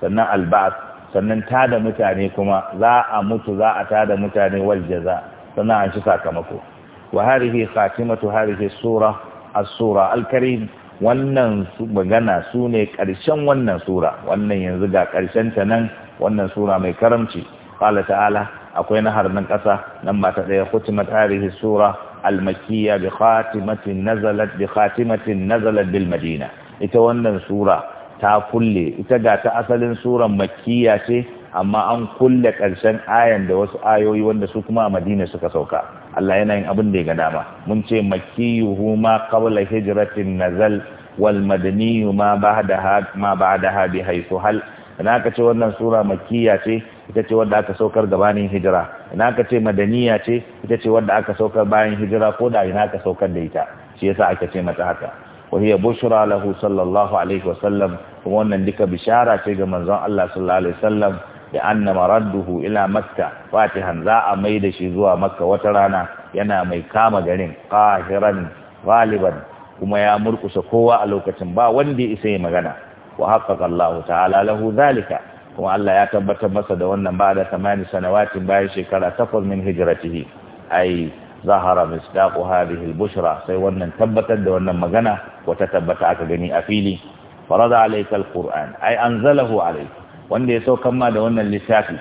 sannan alba'at sannan tada mutane kuma za a mutu za a tada mutane wal jaza sannan an ci sakamako wa hadhihi khatimatu hadhihi sura as-sura al-karim wannan magana su ne ƙarshen wannan sura wannan yanzu ga ƙarshen ta nan wannan sura mai karamci ƙala ta'ala akwai na harbin ƙasa nan ba ta ɗaya khutimat tarihi sura almakiya bi khatimatin nazalat bi khatimatin nazalat bil madina ita wannan sura ta kulle ita ga ta asalin suran makkiya ce amma an kulle ƙarshen ayan da wasu ayoyi wanda su kuma a madina suka sauka Allah yana yin abin da ya ga dama mun ce makkiyuhu ma qabla hijratin nazal wal madaniyu ma ba'daha ma ba'daha bi haythu hal dan aka ce wannan sura makkiya ce ita ce wadda aka saukar gabanin hijira ina aka ce madaniya ce ita ce wadda aka saukar bayan hijira ko da ina aka saukar da ita shi yasa aka ce mata haka wa hiya bushra lahu sallallahu alaihi wasallam wannan duka bishara ce ga manzon Allah sallallahu alaihi wasallam da anna maradduhu ila makka fatihan za a mai da shi zuwa makka wata rana yana mai kama garin qahiran galiban kuma ya murkusa kowa a lokacin ba wanda ya isa ya magana wa haqqaqa Allah ta'ala lahu zalika kuma Allah ya tabbatar masa da wannan ba da tamani sanawatin bayan shekara takwas min hijratihi ai zahara misdaqu hadhihi al-bushra sai wannan tabbatar da wannan magana wata tabbata aka gani a fili farada alayka al-qur'an ai anzalahu alayk wanda ya saukan ma da wannan littafi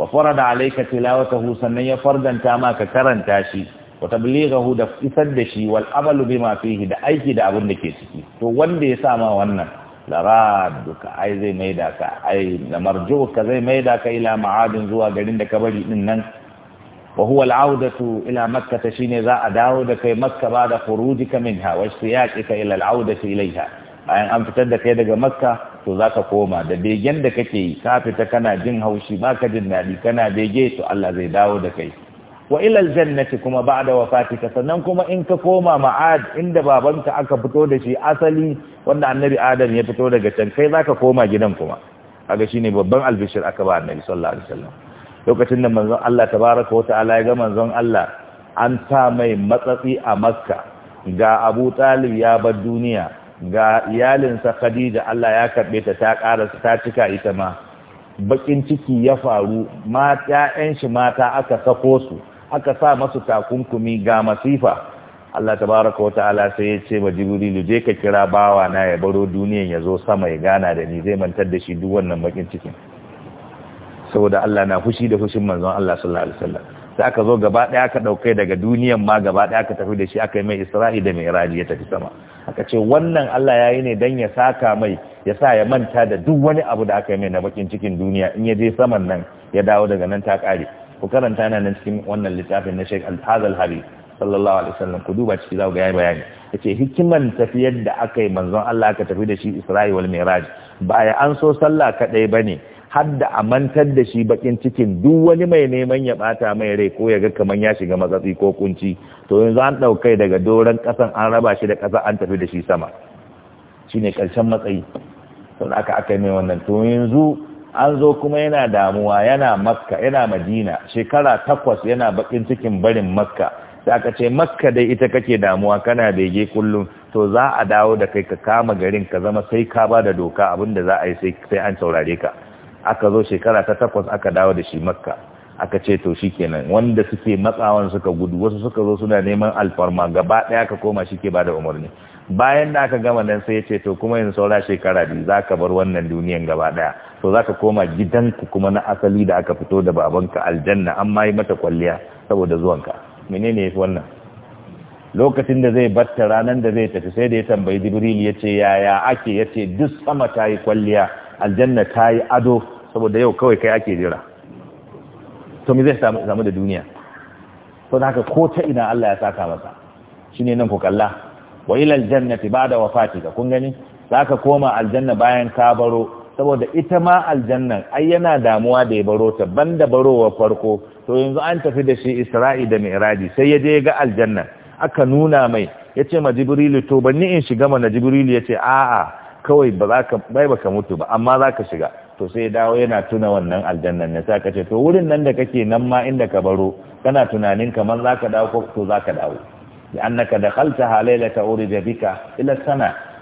wa farada alayka tilawatahu sannan ya fardanta ma ka karanta shi wa tablighahu da isar da shi wal amalu bima fihi da aiki da abin da ke ciki to wanda ya sa ma wannan laraduka ai zai maida ka ai ka zai maida ka ila ma'adin zuwa garin da ka bari din nan wa huwa al'audatu ila ta shine za a dawo da kai makka ba da khurujika minha wa ka ila al'audati ilaiha bayan an fitar da kai daga makka to za ka koma da begen da kake yi ka fita kana jin haushi Ba ka jin daɗi kana bege to Allah zai dawo da kai wa ila jannati kuma ba'da wafatika sannan kuma in ka koma ma'ad inda babanka aka fito da shi asali wanda annabi adam ya fito daga can kai zaka koma gidan kuma kaga shine babban albishir aka ba annabi sallallahu alaihi wasallam lokacin da manzon Allah tabaraka ta'ala ya ga manzon Allah an sa mai matsatsi a Makka ga Abu Talib ya bar duniya ga iyalinsa Khadija Allah ya karbe ta ta karasa ta cika ita ma bakin ciki ya faru mata ƴan shi mata aka sako su aka sa masu takunkumi ga masifa Allah tabaraka wa ta'ala sai ya ce wa Jibrilu je ka kira bawa na ya baro duniyan ya zo sama ya gana da ni zai mantar da shi duk wannan bakin cikin saboda Allah na fushi da fushin manzon Allah sallallahu alaihi wasallam sai aka zo gaba daya ka dauke daga duniyan ma gaba daya aka tafi da shi aka yi mai Isra'i da mai Mi'raj ya tafi sama aka ce wannan Allah yayi ne dan ya saka mai ya sa ya manta da duk wani abu da aka yi mai na bakin cikin duniya in ya je saman nan ya dawo daga nan ta kare ku karanta yana nan cikin wannan littafin na Sheikh Al-Hazal Habib sallallahu alaihi wasallam ku duba ciki za ku ga yayi bayani yace hikimar tafiyar da aka yi manzon Allah aka tafi da shi Isra'i wal Mi'raj ba ya an so sallah kadai bane har da a mantar da shi bakin cikin duk wani mai neman ya bata mai rai ko ya ga kaman ya shiga matsatsi ko kunci to yanzu an daukai daga doran kasan an raba shi da kasa an tafi da shi sama shine karshen matsayi don aka aka yi mai wannan to yanzu an zo kuma yana damuwa yana makka yana madina shekara takwas yana bakin cikin barin makka da aka ce makka dai ita kake damuwa kana bege kullum to za a dawo da kai ka kama garin ka zama sai ka ba da doka abinda za a yi sai an saurare ka aka zo shekara ta takwas aka dawo da shi makka aka ce to shikenan wanda suke matsawan suka gudu wasu suka zo suna neman alfarma gaba ɗaya ka koma shike ba da umarni bayan da aka gama nan sai ya ce to kuma yin saura shekara biyu za ka bar wannan duniyan gaba ɗaya to za ka koma gidanku kuma na asali da aka fito da babanka aljanna an ma yi mata kwalliya saboda zuwanka mene ya fi wannan lokacin da zai batta ranar da zai tafi sai da ya tambayi jibril ya ce yaya ake ya ce duk sama ta yi kwalliya aljanna ta yi ado saboda yau kawai kai ake jira to me zai samu da duniya to haka ko ta ina Allah ya saka masa shine nan ku kalla wa ila da ba'da wafatika kun gani zaka koma aljanna bayan ka baro saboda ita ma aljannan ai yana damuwa da ya baro ta banda barowar farko to yanzu an tafi da shi Isra'i da Mi'raji sai ya je ga aljannan aka nuna mai yace ma Jibrilu to banni in shiga mana Jibrilu yace a'a kawai ba za ka bai baka mutu ba amma za ka shiga to sai dawo yana tuna wannan aljannan ne sai ka ce to wurin nan da kake nan ma inda ka baro kana tunanin kamar za ka dawo ko to za ka dawo annaka dakhalta halailata أولد بك إلى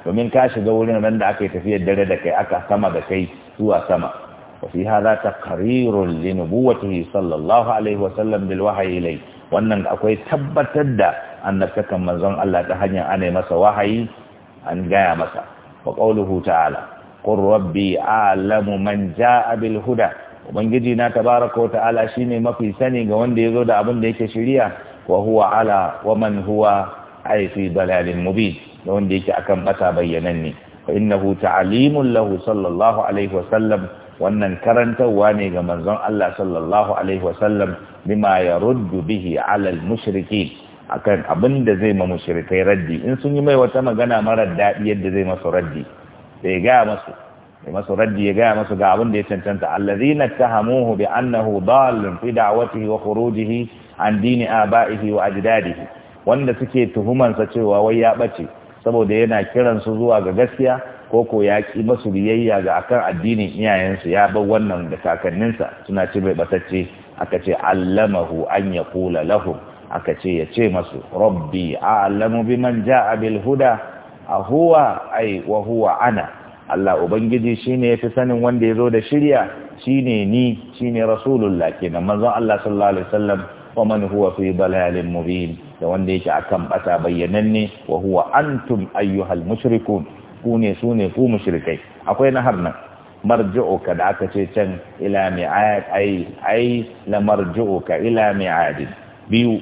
domin ka shiga wurin nan da aka yi tafiyar dare da kai aka sama da kai zuwa sama wa fi hadha taqrirun li nubuwwatihi sallallahu alaihi wa sallam bil wahyi wannan akwai tabbatar da annabtakan manzon Allah ta hanyar ana masa wahayi an gaya masa wa qawluhu ta'ala qur rabbi a'lamu man ja'a bil huda ubangiji na tabaraka wa ta'ala shine mafi sani ga wanda yazo da abin da yake shiriya wa huwa ala wa man huwa ay fi dalalin mubin da wanda yake akan bata bayyanan ne fa innahu ta'limun lahu sallallahu alaihi wasallam wannan karantarwa ne ga manzon Allah sallallahu alaihi wasallam bima yaruddu bihi ala al-mushriki akan abin da zai ma mushrikai raddi in sun yi mai wata magana mara daɗi yadda zai masu raddi sai ga masu ya masu raddi ya gaya masu ga abin da ya cancanta allazina tahamuhu bi annahu dalun fi da'watihi wa khurujihi an dini aba'ihi wa ajdadihi wanda suke tuhumansa cewa wai ya bace saboda yana kiransu zuwa ga gaskiya ko ko ya ƙi masu biyayya ga akan addinin iyayensu ya bar wannan da kakanninsa suna ci bai batacce aka ce allamahu an ya kula lahum aka ce ya ce masu rabbi a'lamu biman ja'a bil huda a huwa ai wa huwa ana Allah ubangiji shine yafi sanin wanda ya zo da shirya shine ni shine rasulullah kenan manzon Allah sallallahu alaihi wasallam wa man huwa fi dalalin mubin da wanda yake akan bata bayyananne wa huwa antum ayyuhal mushrikun ku ne su ne ku mushrikai akwai nahar nan marji'uka da aka ce can ila mi'ad ai ai la marji'uka ila mi'ad biyu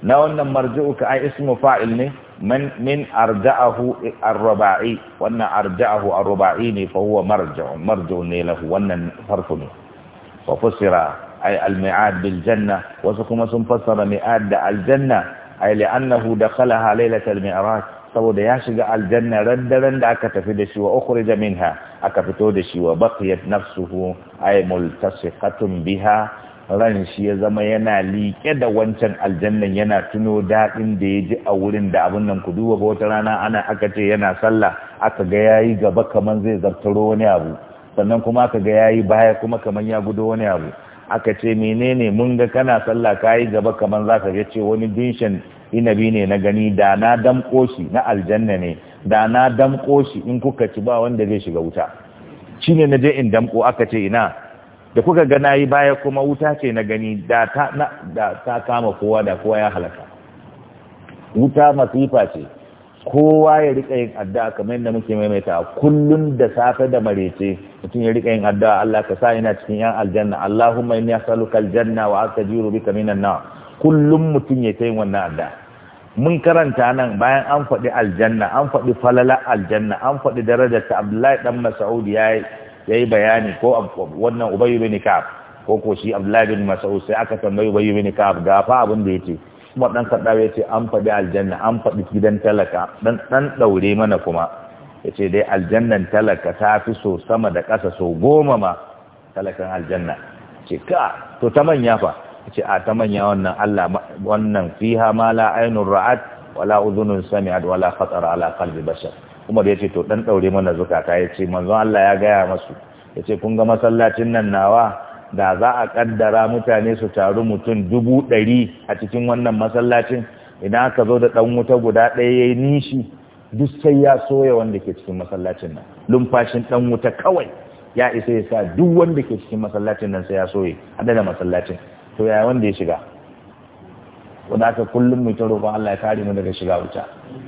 na wannan marji'uka ai ismu fa'il ne من من أرجعه الرباعي وأن ne الرباعي فهو مرجع مرجع له وأن فرفني وفسر أي الميعاد بالجنة وسكما سنفسر ميعاد الجنة annahu li'annahu dakhalaha lailatal mi'raj saboda ya shiga aljanna ran daren da aka tafi da shi wa ukhrija minha aka fito da shi wa baqiyat nafsuhu ai multasiqatun biha ran shi ya zama yana liƙe da wancan aljannan yana tuno daɗin da ya ji a wurin da abin nan ku duba wata rana ana aka ce yana sallah aka ga yayi gaba kaman zai zartaro wani abu sannan kuma aka ga yayi baya kuma kaman ya gudo wani abu aka ce menene mun ga kana sallah kayi gaba kaman zaka ka ce wani dinshin inabi ne na gani da na damko shi na aljanna ne da na damko shi in kuka ci ba wanda zai shiga wuta shine na je in damko aka ce ina da kuka ga nayi baya kuma wuta ce na gani da ta da ta kama kowa da kowa ya halaka wuta masifa ce kowa ya rika yin addu'a kamar yadda muke maimaita kullum da safe da marece mutum ya rika yin addu'a Allah ka sa ina cikin yan aljanna Allahumma inni as'aluka aljanna wa astajiru bika minan nar Kullum mutum ya yi wannan addu'a mun karanta nan bayan an faɗi aljanna an faɗi falala aljanna an faɗi darajar ta Abdullahi dan Mas'ud yayi yayi bayani ko wannan Ubay bin Ka'ab ko ko shi Abdullahi bin Mas'ud sai aka tambayi Ubay ibn Ka'ab gafa abin da yake Kuma dan kadawa yace ce an faɗi aljanna an faɗi gidan talaka dan dan daure mana kuma yace ce dai aljannan talaka ta fi so sama da ƙasa so goma ma talakan aljanna ce ka to ta manya fa ce a ta manya wannan Allah wannan fiha ma la ainur ra'at wala udhunun sami'at wala khatar ala qalbi bashar Umar ya ce to dan daure mana zukata ya ce manzon Allah ya gaya masu yace kun ga masallacin nan nawa da za a kaddara mutane su taru mutum dubu ɗari a cikin wannan masallacin idan aka zo da ɗan wuta guda ɗaya ya yi nishi duk sai ya soya wanda ke cikin masallacin nan lumfashin ɗan wuta kawai ya isa ya sa duk wanda ke cikin masallacin nan sai ya soye haɗa da masallacin to yaya wanda ya shiga wanda aka kullum mu ta roƙon Allah ya kare mu daga shiga wuta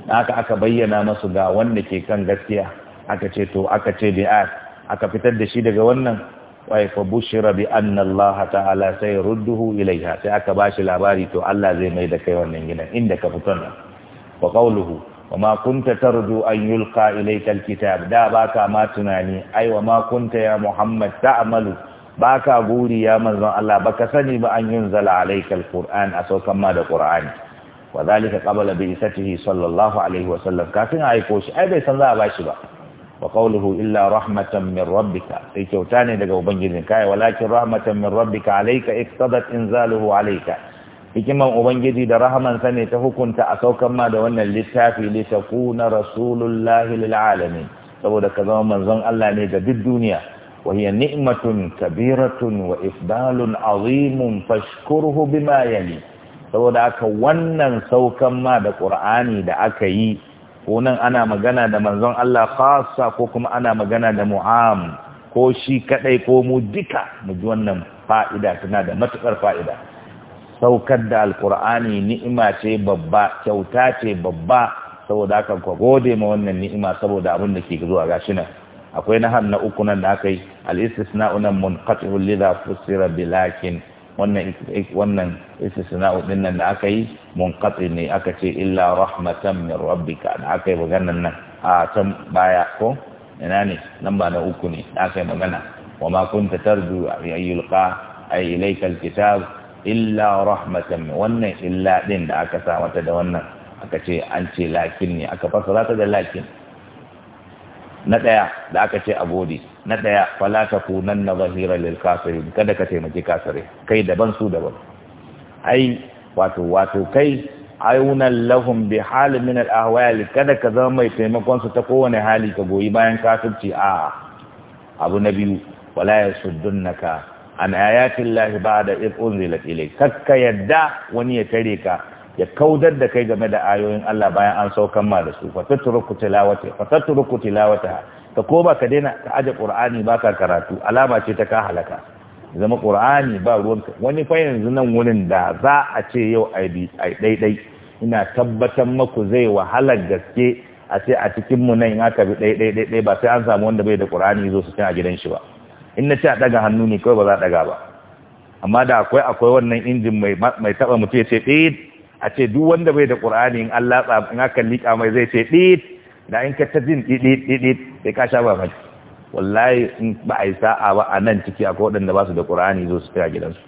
aka aka bayyana masu ga wanda ke kan gaskiya aka ce to aka ce da aka fitar da shi daga wannan wai fa bushira bi anna Allah ta'ala sai rudduhu ilaiha sai aka bashi labari to Allah zai mai da kai wannan gidan inda ka fito nan wa qawluhu wa ma kunta tardu an yulqa ilayka alkitab da baka ma tunani ai wa ma kunta ya Muhammad ta'malu baka guri ya manzon Allah baka sani ba an yunzala alayka alquran a saukan ma da qur'ani wa zalika qabla bi isatihi sallallahu alaihi wa sallam kafin aiko shi ai bai san za a bashi ba wa qawluhu illa rahmatan min rabbika sai kyauta ne daga ubangijin kai walakin rahmatan min rabbika alayka iktadat inzaluhu alayka hikiman ubangiji da rahaman sa ne ta hukunta a saukan ma da wannan littafi li takuna rasulullahi lil alamin saboda ka zama manzon Allah ne ga duk duniya wa hiya ni'matun kabiratun wa ifdalun azimun fashkurhu bima yali saboda aka wannan saukan ma da qur'ani da aka yi ko nan ana magana da manzon Allah khassa ko kuma ana magana da mu'am ko shi kadai ko mu duka mu ji wannan fa'ida tana da matukar fa'ida saukar da alkur'ani ni'ima ce babba kyauta ce babba saboda aka ku gode ma wannan ni'ima saboda abin da ke zuwa gashi nan akwai nahar na uku nan da aka yi al istisnaun munqati'un lidha fusira bilakin wannan wannan din nan da aka yi munqati ne aka ce illa rahmatan min rabbika da aka yi maganan nan a can baya ko ina ne nan ba na uku ne da aka yi magana wa ma kunta tarju an yulqa ay ilayka alkitab illa rahmatan wannan illa din da aka sa mata da wannan aka ce an ce lakin ne aka fasara ta da lakin na daya da aka ce abodi na daya fala takunanna zahira lil kafirin kada ka taimaki kasare. kai daban su daban ai wato wato kai ayunan lahum bi halin min al kada ka zama mai taimakon su ta kowane hali ka goyi bayan kafirci a abu na biyu wala ka an ayati llahi ba'da id unzilat ilayk kakka yadda wani ya tare ka ya kaudar da kai game da ayoyin Allah bayan an saukan ma da su fa tatruku tilawati fa tatruku tilawata ka ko ba ka daina ka aje qur'ani ka karatu alama ce ta ka halaka zama qur'ani ba ka. wani fa yanzu nan wurin da za a ce yau ai ai ɗaiɗai. ina tabbatar maku zai wahala gaske a ce a cikin mu nan in aka bi ɗaiɗai-ɗaiɗai ba sai an samu wanda bai da qur'ani zo su cin a gidan shi ba in na ce a daga hannu ne kawai ba za daga ba amma da akwai akwai wannan injin mai mai taba mutum ya ce ɗid a ce duk wanda bai da qur'ani in Allah in aka liƙa mai zai ce ɗid da in ka ta jin ɗiɗiɗiɗi sai ka sha ba mai wallahi in ba a yi sa'a ba a nan ciki akwai waɗanda ba su da ƙura'ani zo su fi a gidansu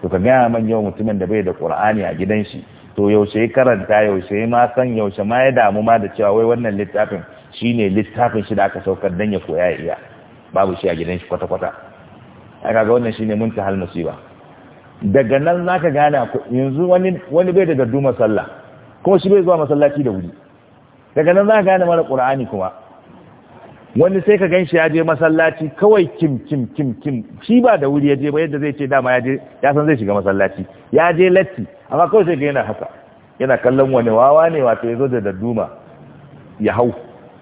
to ka gaya man yau mutumin da bai da ƙura'ani a gidan shi to yaushe karanta yaushe ma san yaushe ma ya damu ma da cewa wai wannan littafin shi ne littafin shi da aka saukar dan ya koya iya babu shi a gidan shi kwata-kwata a kaga wannan shi ne shine muntahal musiba daga nan zaka gane yanzu wani bai da duma sallah kuma shi bai zuwa masallaci da wuri daga nan za ka gane mara ƙura'ani kuma wani sai ka gan shi ya je masallaci kawai kim kim kim kim shi ba da wuri ya je ba yadda zai ce dama ya je ya san zai shiga masallaci ya je latti amma kawai sai ga yana haka yana kallon wani wawa ne wato ya zo da dadduma ya hau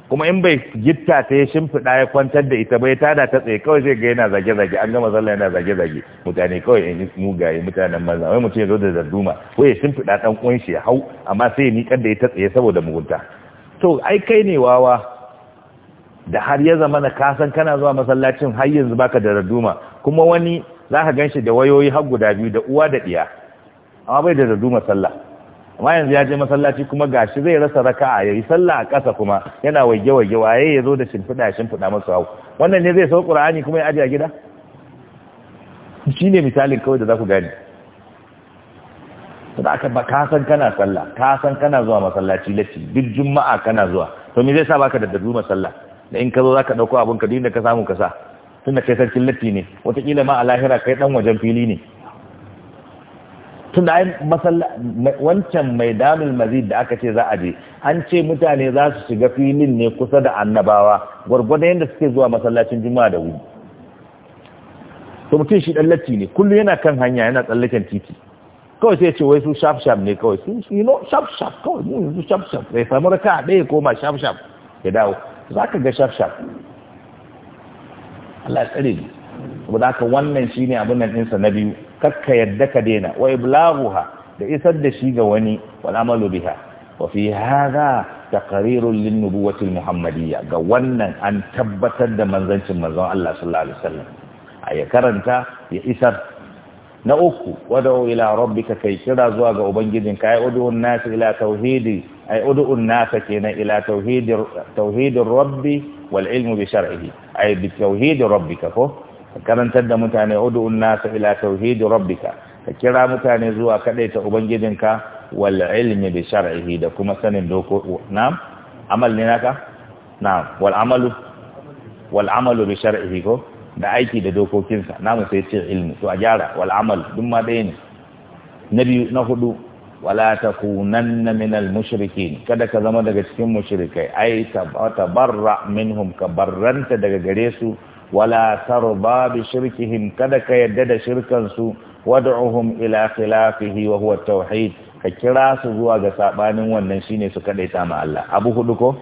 kuma in bai gitta ta ya shimfiɗa ya kwantar da ita bai tada ta tsaye kawai zai ga yana zage-zage an gama zalla yana zage-zage mutane kawai in mugaye mutanen maza wai mutum ya zo da darduma wai ya shimfiɗa ɗan ƙunshi ya hau amma sai ya niƙar da ta tsaye saboda mugunta to ai kai ne wawa da har ya zama na kasan kana zuwa masallacin har yanzu baka da raduma kuma wani za ka gan shi da wayoyi har guda biyu da uwa da ɗiya amma bai da raduma sallah amma yanzu ya je masallaci kuma gashi zai rasa raka'a yayi sallah a ƙasa kuma yana wage-wage waye ya zo da shimfiɗa shimfiɗa masa hau wannan ne zai sau ƙur'ani kuma ya aje a gida ne misalin kawai da za ku gani da aka ba ka san kana sallah ka san kana zuwa masallaci lati duk juma'a kana zuwa to me zai sa baka da dadu masalla da in ka zo zaka dauko abun ka dinda ka samu ka sa tunda kai sarkin lati ne kila ma a lahira kai dan wajen fili ne tunda ai masalla wancan mai mazid da aka ce za a je an ce mutane za su shiga filin ne kusa da annabawa gwargwadon yadda suke zuwa masallacin juma'a da wuri to mutum shi dan latti ne kullu yana kan hanya yana tsallaken titi kawai sai ce wai su shaf shaf ne kawai su su no shaf shaf kawai mu su shaf shaf sai samu raka ɗaya koma shaf shaf ya dawo za ka ga shaf shaf Allah ya tsare ni saboda haka wannan shine abin nan ɗinsa na biyu kakka yadda ka daina wa iblaguha da isar da shi ga wani wal amalu biha wa fi hadha taqrirun lin nubuwwati muhammadiyya ga wannan an tabbatar da manzancin manzon Allah sallallahu alaihi wasallam a ya karanta ya isar na uku wad'u ila rabbika kai kira zuwa ga ubangijinka ai ud'u an-nas ila tauhidi ai ud'u nas kenan ila tauhidi tauhidir rabbi wal ilmu bi shar'ihi ai bi tauhidi rabbika ko karantar da mutane ud'u an-nas ila tauhidi rabbika ka kira mutane zuwa kadaita ubangijinka wal ilmi bi shar'ihi da kuma sanin doko na'am amal ne naka na'am wal amalu wal amalu bi shar'ihi ko da aiki da dokokinsa namu sai ce ilmi to a gyara wal amal duk ma ɗaya ne na biyu na hudu wala takunanna minal mushrikin kada ka zama daga cikin mushrikai ai tabarra minhum ka barranta daga gare su wala tarba bi shirkihim kada ka yadda da shirkan su wad'uhum ila khilafihi wa huwa tauhid ka kira su zuwa ga sabanin wannan shine su kadaita ma Allah abu hudu ko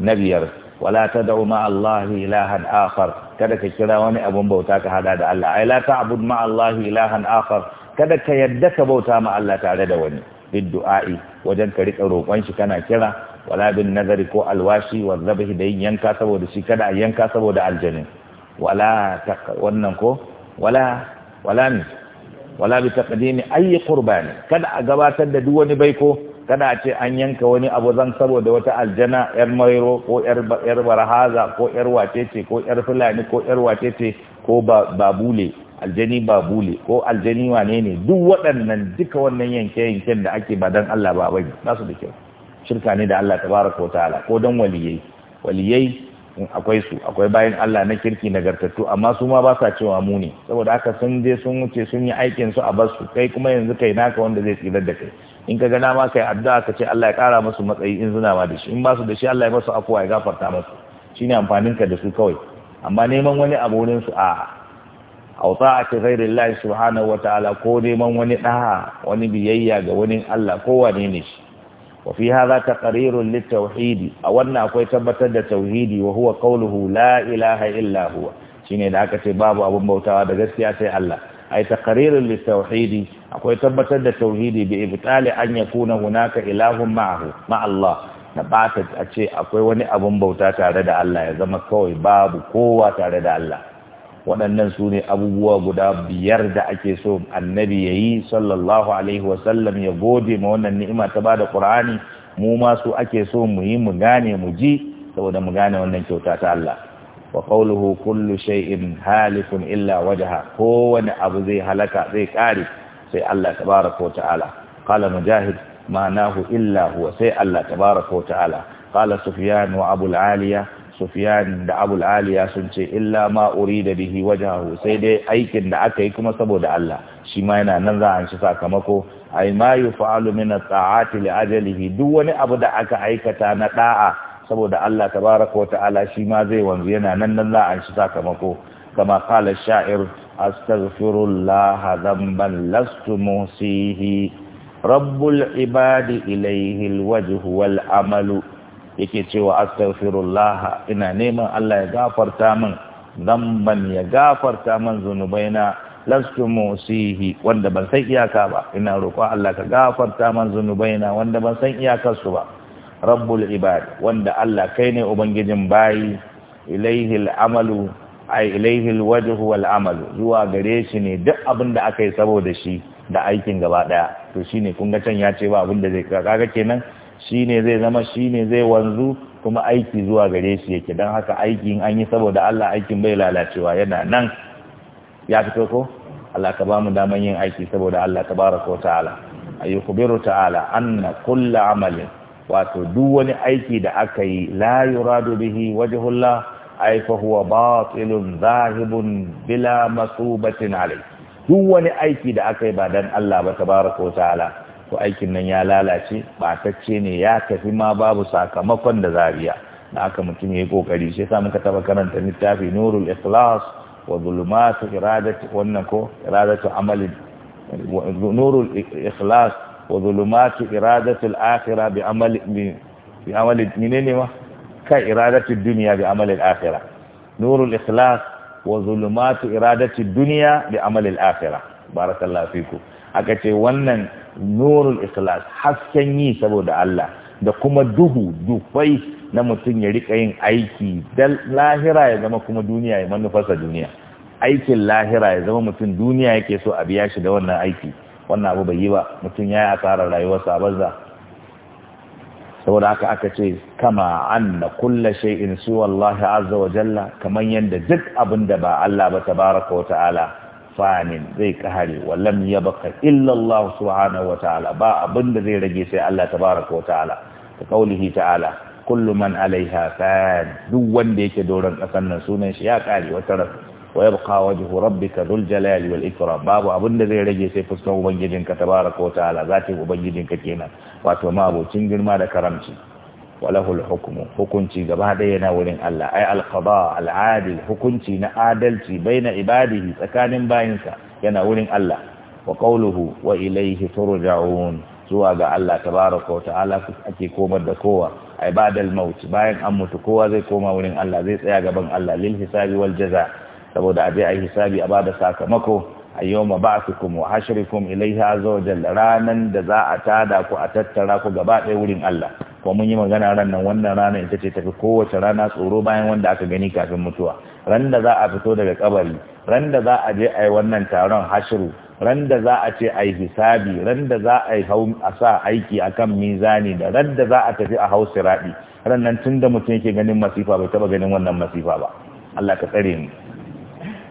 na biyar wala tad'u ma Allah ilahan akhar kada ka kira wani abun bauta ka hada da Allah ai la ta'bud ma Allah ilahan akhar kada ka yadda ka bauta ma Allah tare da wani biddu'a'i wajen ka rika roƙon shi kana kira wala bin nazari ko alwashi wa zabahi da yanka saboda shi kada a yanka saboda aljanin wala wannan ko wala wala ni wala bi taqdimi ayi qurbani kada a gabatar da duk wani baiko kada ce an yanka wani abu zan saboda wata aljana yar mairo ko yar barhaza ko yar wacece ko yar fulani ko yar wacece ko babule aljani babule ko aljani wane ne duk waɗannan duka wannan yanke-yanken da ake ba don Allah ba bai ba su da kyau shirka ne da Allah tabaraka ta'ala ko don waliyai waliyai akwai su akwai bayan Allah na kirki nagartattu amma su ma ba sa cewa mu ne saboda haka sun je sun wuce sun yi aikin su a basu kai kuma yanzu kai naka wanda zai tsirar da kai in ka gana ma kai addu'a ka ce Allah ya kara musu matsayi in suna ma da shi in ba su da shi Allah ya musu afuwa ya gafarta musu shine amfanin ka da su kawai amma neman wani abu wurin su a aw ta'ati ghairillahi subhanahu wa ta'ala ko neman wani ɗaha, wani biyayya ga wani Allah ko wane ne shi wa fi hadha taqrirun litawhid a wannan akwai tabbatar da tauhidi wa huwa qawluhu la ilaha illa huwa shine da aka ce babu abun bautawa da gaskiya sai Allah ay taqririn litauhidi akwai tabbatar da tauhidi bi ibtali an yakuna hunaka ilahun ma'ahu ma Allah na bata a ce akwai wani abun bauta tare da Allah ya zama kawai babu kowa tare da Allah waɗannan su ne abubuwa guda biyar da ake so annabi ya yi sallallahu alaihi wasallam ya gode ma wannan ni'ima ta ba da mu ma su ake so mu yi mu gane mu ji saboda mu gane wannan kyauta ta Allah wa qawluhu kullu shay'in halikun illa wajha kowane abu zai halaka zai kare sai Allah tabaraka wa ta'ala qala mujahid manahu illa huwa sai Allah tabaraka wa ta'ala qala sufyan wa abu aliya sufyan da abu aliya sun ce illa ma urida bihi wajhahu sai dai aikin da aka yi kuma saboda Allah shi ma yana nan za a sakamako ay ma yufa'alu min at-ta'ati li ajalihi duk wani abu da aka aikata na da'a saboda Allah tabaraka wa ta'ala shi ma zai wanzu yana nan nan za a shi sakamako kama kala sha'ir astaghfirullah dhanban lastu musihi rabbul ibadi ilayhi alwajhu wal amalu yake cewa astaghfirullah ina neman Allah ya gafarta min zamban ya gafarta min zunubaina lastu musihi wanda ban san iyaka ba ina roƙon Allah ka gafarta min zunubaina wanda ban san iyakar su ba rabbul ibad wanda Allah kai ne ubangijin bayi ilaihi al'amalu ay ilaihi alwajhu wal amalu zuwa gare shi ne duk abin da aka yi saboda shi da aikin gaba daya to shine kun ga can ya ce ba abin da zai kaga kenan shine zai zama shine zai wanzu kuma aiki zuwa gare shi yake dan haka aikin an yi saboda Allah aikin bai lalacewa yana nan ya fito ko Allah ka bamu daman yin aiki saboda Allah tabaraka wa ta'ala ayyukhbiru ta'ala anna kullu amalin wato duk wani aiki da aka yi la yuradu bihi wajhullah ay fa huwa batilun zahibun bila masubatin alai duk wani aiki da aka yi ba dan Allah ba tabaraka ta'ala to aikin nan ya lalace batacce ne ya tafi ma babu sakamakon da zariya da aka mutum yayi kokari sai sa muka taba karanta littafi nurul ikhlas wa zulumat iradatu wannan ko iradatu amali nurul ikhlas wa iradati iradatul akhirah bi amali bi amali menene ma iradatul dunya bi amali al-akhirah nurul ikhlas wa zulumatu iradatul dunya bi amali al-akhirah barakallahu fiku aka ce wannan nurul ikhlas hasken yi saboda Allah da kuma duhu dufai na mutum ya rika yin aiki dan lahira ya zama kuma duniya ya manufarsa duniya aikin lahira ya zama mutum duniya yake so a biya shi da wannan aiki wannan abu bai yi ba mutum ya yi asarar rayuwarsa baza banza saboda haka aka ce kama na kulla shay'in su wallahi azza wa jalla kaman yanda duk abin da ba Allah ba baraka wa ta'ala fanin zai kahare wa lam yabqa illa subhanahu wa ta'ala ba abin da zai rage sai Allah baraka wa ta'ala ta kaulihi ta'ala kullu man alaiha fan duk wanda yake doron kasan nan sunan shi ya kare wata rasa wa yabqa wajhu rabbika dhul jalali wal ikram babu abin da zai rage sai fuskan fuskar ubangijinka tabaraka wa ubangijin ka ke nan wato ma abocin girma da karamci walahul hukumu hukunci gaba da yana wurin Allah ai alqada al'adil hukunci na adalci baina ibadihi tsakanin bayinsa yana wurin Allah wa qawluhu wa ilayhi turja'un zuwa ga Allah tabaraka ta'ala ake komar da kowa ai ba'dal maut bayan an mutu kowa zai koma wurin Allah zai tsaya gaban Allah lil hisabi waljaza. saboda aje a hisabi a bada sakamako a yau ma ba'asukum wa hashrikum ilaiha ilai jalla da za a tada ku a tattara ku gaba ɗaya wurin Allah ko mun yi magana ran nan wannan rana ita ce tafi kowace rana tsoro bayan wanda aka gani kafin mutuwa ran da za a fito daga kabari ran da za a je a yi wannan taron hashiru ran da za a ce a yi hisabi ran da za a yi a sa aiki akan mizani da ran da za a tafi a hau siraɗi ran nan tun da mutum yake ganin masifa bai taɓa ganin wannan masifa ba Allah ka tsare mu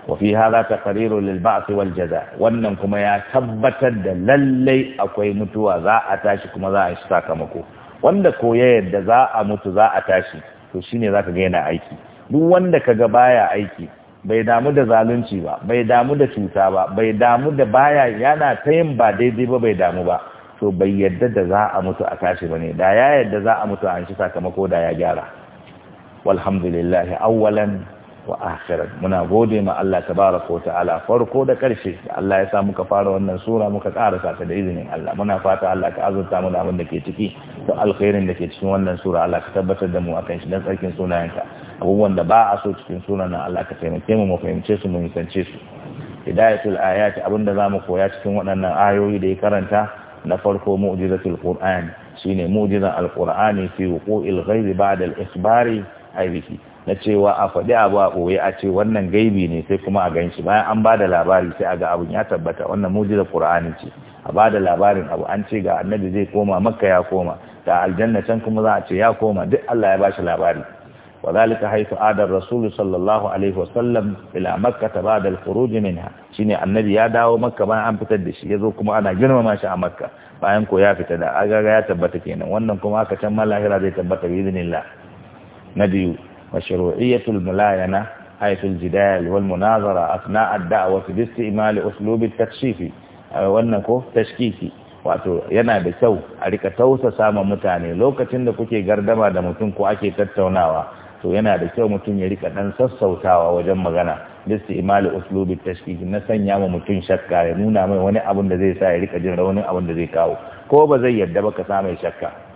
wa fi hadha taqriru lil ba'th wal wannan kuma ya tabbatar da lallai akwai mutuwa za a tashi kuma za a yi sakamako wanda ko yadda za a mutu za a tashi to shine zaka ga yana aiki duk wanda kaga baya aiki bai damu da zalunci ba bai damu da cuta ba bai damu da baya yana ta yin ba daidai ba bai damu ba to bai yadda da za a mutu a tashi bane da ya yadda za a mutu an shi sakamako da ya gyara walhamdulillah awwalan wa akhirat muna gode ma Allah tabaraka ta'ala farko da karshe Allah ya sa muka fara wannan sura muka karasa ta da izinin Allah muna fata Allah ka azurta mu da abin da ke ciki da alkhairin da ke cikin wannan sura Allah ka tabbatar da mu akan shi dan tsarkin sunayenka abubuwan da ba a so cikin sunan nan Allah ka taimake mu mu fahimce su mu nisance su hidayatul ayat abinda zamu koya cikin waɗannan ayoyi da ya karanta na farko mu'jizatul qur'an shine mu'jizan alqur'ani fi wuqu'il ghaibi ba'da al-ikhbari na cewa a faɗi abu a ɓoye a ce wannan gaibi ne sai kuma a gan shi bayan an ba da labari sai a ga abin ya tabbata wannan mujizar qur'ani ce a ba da labarin abu an ce ga annabi zai koma makka ya koma da aljanna can kuma za a ce ya koma duk Allah ya ba shi labari adar حيث sallallahu alaihi wa sallam ila makka ta ba بعد الخروج منها shine annabi ya dawo makka bayan an fitar da shi ya zo kuma ana girmama shi a makka bayan ko ya fita da agaga ya tabbata kenan wannan kuma aka can malahira zai tabbata bi idinillah na biyu وشروعية الملاينة حيث الجدال والمناظرة أثناء الدعوة باستعمال أسلوب التكشيف والنكو تشكيكي wato yana da kyau a rika tausasa ma mutane lokacin da kuke gardama da mutum ko ake tattaunawa to yana da kyau mutum ya rika dan sassautawa wajen magana listi imali uslubi tashkiki na sanya ma mutum shakka ya nuna mai wani abun da zai sa ya rika jin raunin abin da zai kawo ko ba zai yarda ba ka sa mai shakka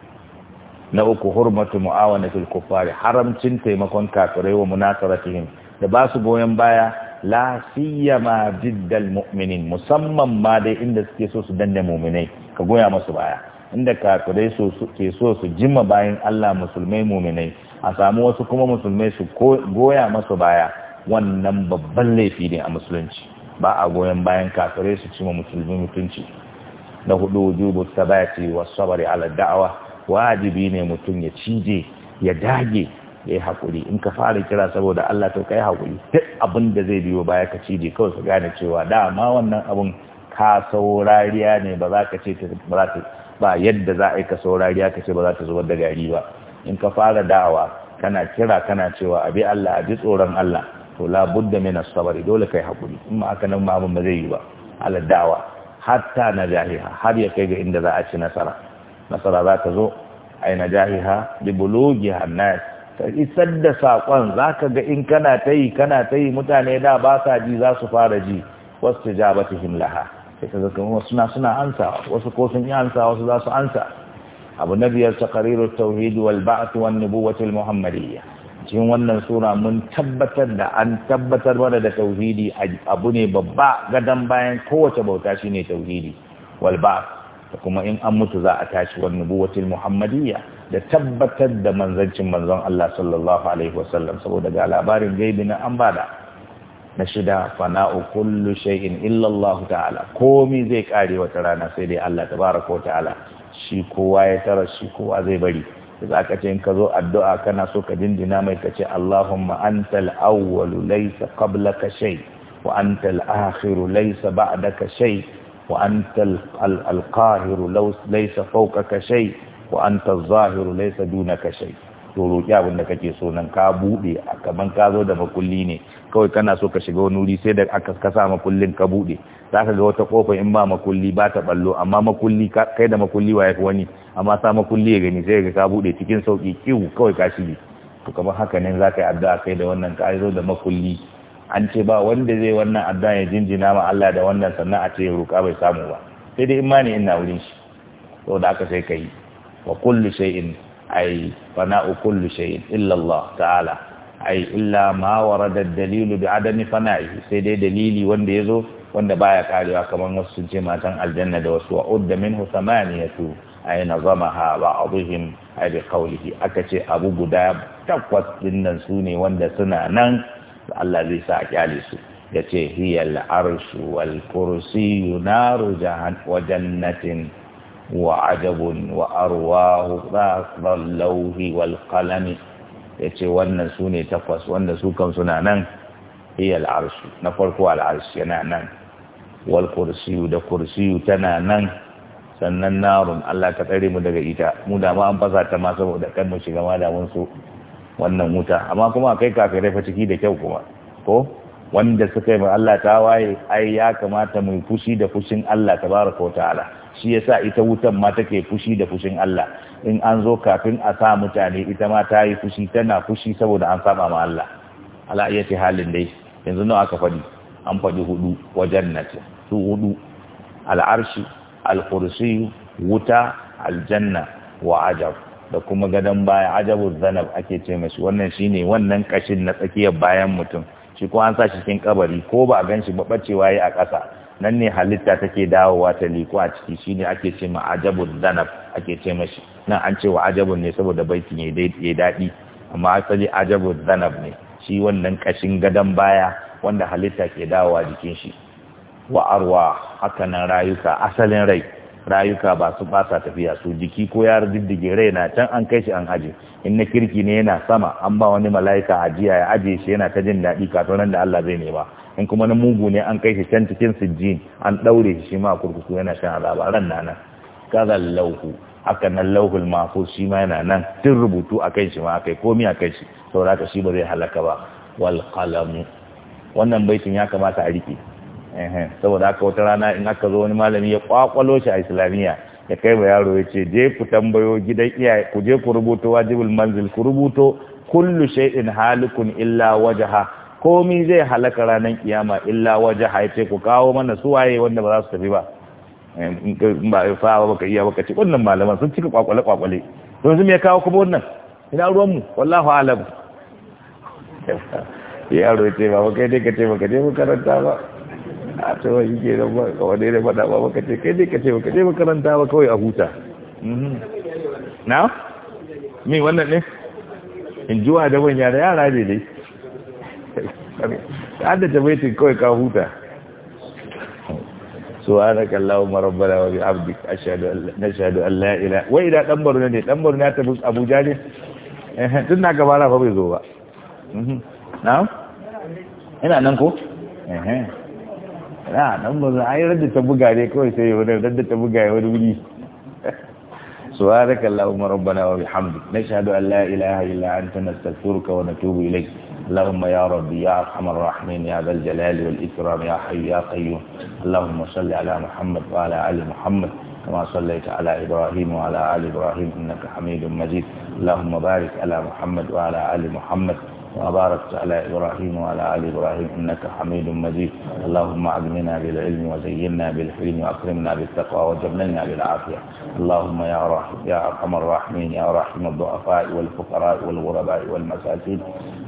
na uku hurmatu mu'awanatul kuffari haramcin taimakon kafirai wa munasaratihim da ba su goyon baya la siyama jiddal mu'minin musamman ma dai inda suke so su danne mu'minai ka goya masu baya inda kafirai so ke so su jima bayan Allah musulmai mu'minai a samu wasu kuma musulmai su goya masu baya wannan babban laifi ne a musulunci ba a goyon bayan kafirai su cima musulmi mutunci na hudu wujubu sabati was sabri ala da'awa wajibi ne mutum ya cije ya dage ya yi haƙuri in ka fara kira saboda Allah to ka yi haƙuri duk abin da zai biyo baya ka cije kawai su gane cewa dama wannan abun ka saurariya ne ba za ka ce ba za ba yadda za a yi ka saurariya ka ce ba za ta zubar da gari ba in ka fara da'awa kana kira kana cewa abi Allah a ji tsoron Allah to la budda min as-sabr dole kai haƙuri in ma aka nan ma abin ba zai yi ba ala da'awa hatta na jahiha har ya kai ga inda za a ci nasara nasara za ta zo a yi na jahiha an-nas ka isar da sakon zaka ga in kana ta yi kana ta yi mutane da ba sa ji za su fara ji wasu jabatihim laha sai ka zaka wasu suna suna ansa wasu ko sun yi ansa wasu za su ansa abu na biyar taqrirut tauhid wal ba'th wan nubuwwah muhammadiyya cikin wannan sura mun tabbatar da an tabbatar mana da tauhidi abu ne babba gadan bayan kowace bauta shine tauhidi wal da kuma in an mutu za a tashi wa nubuwatil muhammadiyya da tabbatar da manzancin manzon Allah sallallahu alaihi wasallam saboda ga labarin gaibi na an bada na shida fana'u kullu shay'in illa Allah ta'ala komai zai kare wata rana sai dai Allah tabaraka wa ta'ala shi kowa ya tara shi kowa zai bari za ka ce in ka zo addu'a kana so ka dindina mai ka ce Allahumma antal awwalu laysa qablaka shay wa antal akhiru laysa ba'daka shay وأنت القاهر لو ليس فوقك شيء وأنت الظاهر ليس دونك شيء to roƙi abin da kake so nan ka buɗe kaman ka zo da makulli ne kawai kana so ka shiga wani wuri sai da aka ka makullin ka buɗe za ka ga wata kofa in ba makulli ba ta ɓallo amma makulli kai da makulli wa yafi wani amma sa makulli ya gani sai ga ka buɗe cikin sauki kiwu kawai ka shige to kamar haka ne za ka yi addu'a kai da wannan ka zo da makulli an ce ba wanda zai wannan addu'a ya jinjina ma Allah da wannan sannan a ce ruka bai samu ba sai dai imani ina wurin shi saboda aka sai kai wa kullu shay'in ay fana'u kullu shay'in illa Allah ta'ala ay illa ma warada dalil bi adami fana'i sai dai dalili wanda yazo wanda baya karewa kamar wasu sun ce matan aljanna da wasu wa udda minhu thamaniyatu ay nazamaha ba'dihim ay bi qawlihi aka ce abu guda takwas dinnan sune wanda suna nan Allah zai sa a kyale su ya ce hiyar arshu wal kursiyu naru wa jannatin wa ajabun wa arwahu zaqal lauhi wal Ya ce wannan su ne takwas wanda su kan suna nan hiyar arshu na farko al yana nan wal da kursi tana nan sannan narun Allah ta tsare mu daga ita mu da ma an fasa ta ma saboda kan mu shiga ma da wannan wuta amma kuma kai kafirai fa ciki da kyau kuma ko wanda suka yi Allah ta waye ai ya kamata mu fushi da fushin Allah tabaraka wa ta'ala shi yasa ita wutan ma take fushi da fushin Allah in an zo kafin a sa mutane ita ma ta yi fushi tana fushi saboda an saba ma Allah ala iyati halin dai yanzu nawa aka faɗi an faɗi hudu wajen nace su hudu al'arshi al-kursiyu wuta aljanna wa ajab da kuma gadon baya ajabu zanab ake ce mashi wannan shine wannan kashin na tsakiyar bayan mutum shi ko an sa shi cikin kabari ko ba a gan shi ba bacewa yi a ƙasa nan ne halitta take dawowa ta liko a ciki shine ake ce ma ajabu zanab ake ce mashi nan an ce wa ajabun ne saboda baitin ya daɗi amma asali ajabu zanab ne shi wannan kashin gadon baya wanda halitta ke dawowa jikin shi wa arwa hakanan rayuka asalin rai rayuka ba su ba tafiya su jiki ko ya diddige rai na can an kai shi an aje in na kirki ne yana sama an ba wani mala'ika ajiya ya aje shi yana ta jin daɗi kafin ran da Allah zai nema in kuma na mugu ne an kai shi can cikin sijjin an ɗaure shi shi ma kurkuku yana shan azaba ran na nan kazan lauhu haka nan lauhul mafu shi ma yana nan tun rubutu a kai shi ma akai komi a kai shi saboda shi ba zai halaka ba wal qalam wannan baitin ya kamata a rike saboda aka wata rana in aka zo wani malami ya kwakwalo shi a islamiyya ya kai ba yaro ya ce je ku tambayo gidan iyaye ku je ku rubuto wajibul manzil ku rubuto kullu shay'in halikun illa wajaha komi zai halaka ranar kiyama illa wajaha ya ce ku kawo mana suwaye wanda ba za su tafi ba in ba fa ba ka iya baka ce wannan malaman sun cika kwakwale kwakwale don su me kawo kuma wannan ina ruwan mu wallahu alam yaro ya ce ba kai dai ka ce baka je makaranta ba a tsawon yi ke nan ba kawane da faɗa ba baka ce kai dai ka ce baka je makaranta ba kawai a huta mhm. na min wannan ne in juwa da ban da yara ne dai ta da tabaitin kawai ka huta ana marabbala wa abdi na اشهد allah ya ila wai da ɗan baruna ne baruna ta bus abuja ne eh, tun na gaba ra fa bai zo ba mhm. na ina nan ko eh, eh. na dan ba ai radda ta buga ne kawai sai ya wani radda ta buga ya wani wuri سبحانك اللهم ربنا وبحمدك نشهد أن لا إله إلا أنت نستغفرك ونتوب إليك اللهم يا ربي يا أرحم الراحمين يا ذا الجلال والإكرام يا حي يا قيوم اللهم صل على محمد وعلى آل محمد كما صليت على إبراهيم وعلى آل إبراهيم إنك حميد مجيد اللهم بارك على محمد وعلى آل محمد وباركت على إبراهيم وعلى آل إبراهيم إنك حميد مجيد اللهم أعلمنا بالعلم وزينا بالحلم وأكرمنا بالتقوى وجملنا بالعافية اللهم يا رحم يا أرحم الراحمين يا رحم الضعفاء والفقراء والغرباء والمساكين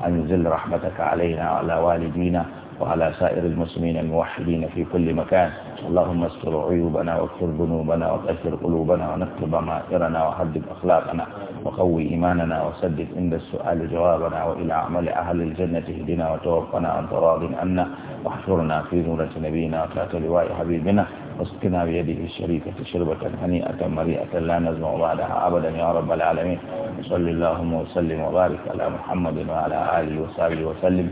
أنزل رحمتك علينا وعلى والدينا وعلى سائر المسلمين الموحدين في كل مكان اللهم استر عيوبنا واكفر ذنوبنا وتأثر قلوبنا ونكتب ضمائرنا وحدد أخلاقنا وقوي إيماننا وسدد عند السؤال جوابنا وإلى عمل أهل الجنة اهدنا وتوفنا عن تراض عنا واحشرنا في نورة نبينا وتحت لواء حبيبنا واسقنا بيده الشريفة شربة هنيئة مريئة لا نزمع بعدها أبدا يا رب العالمين صلى اللهم وسلم وبارك على محمد وعلى آله وصحبه وسلم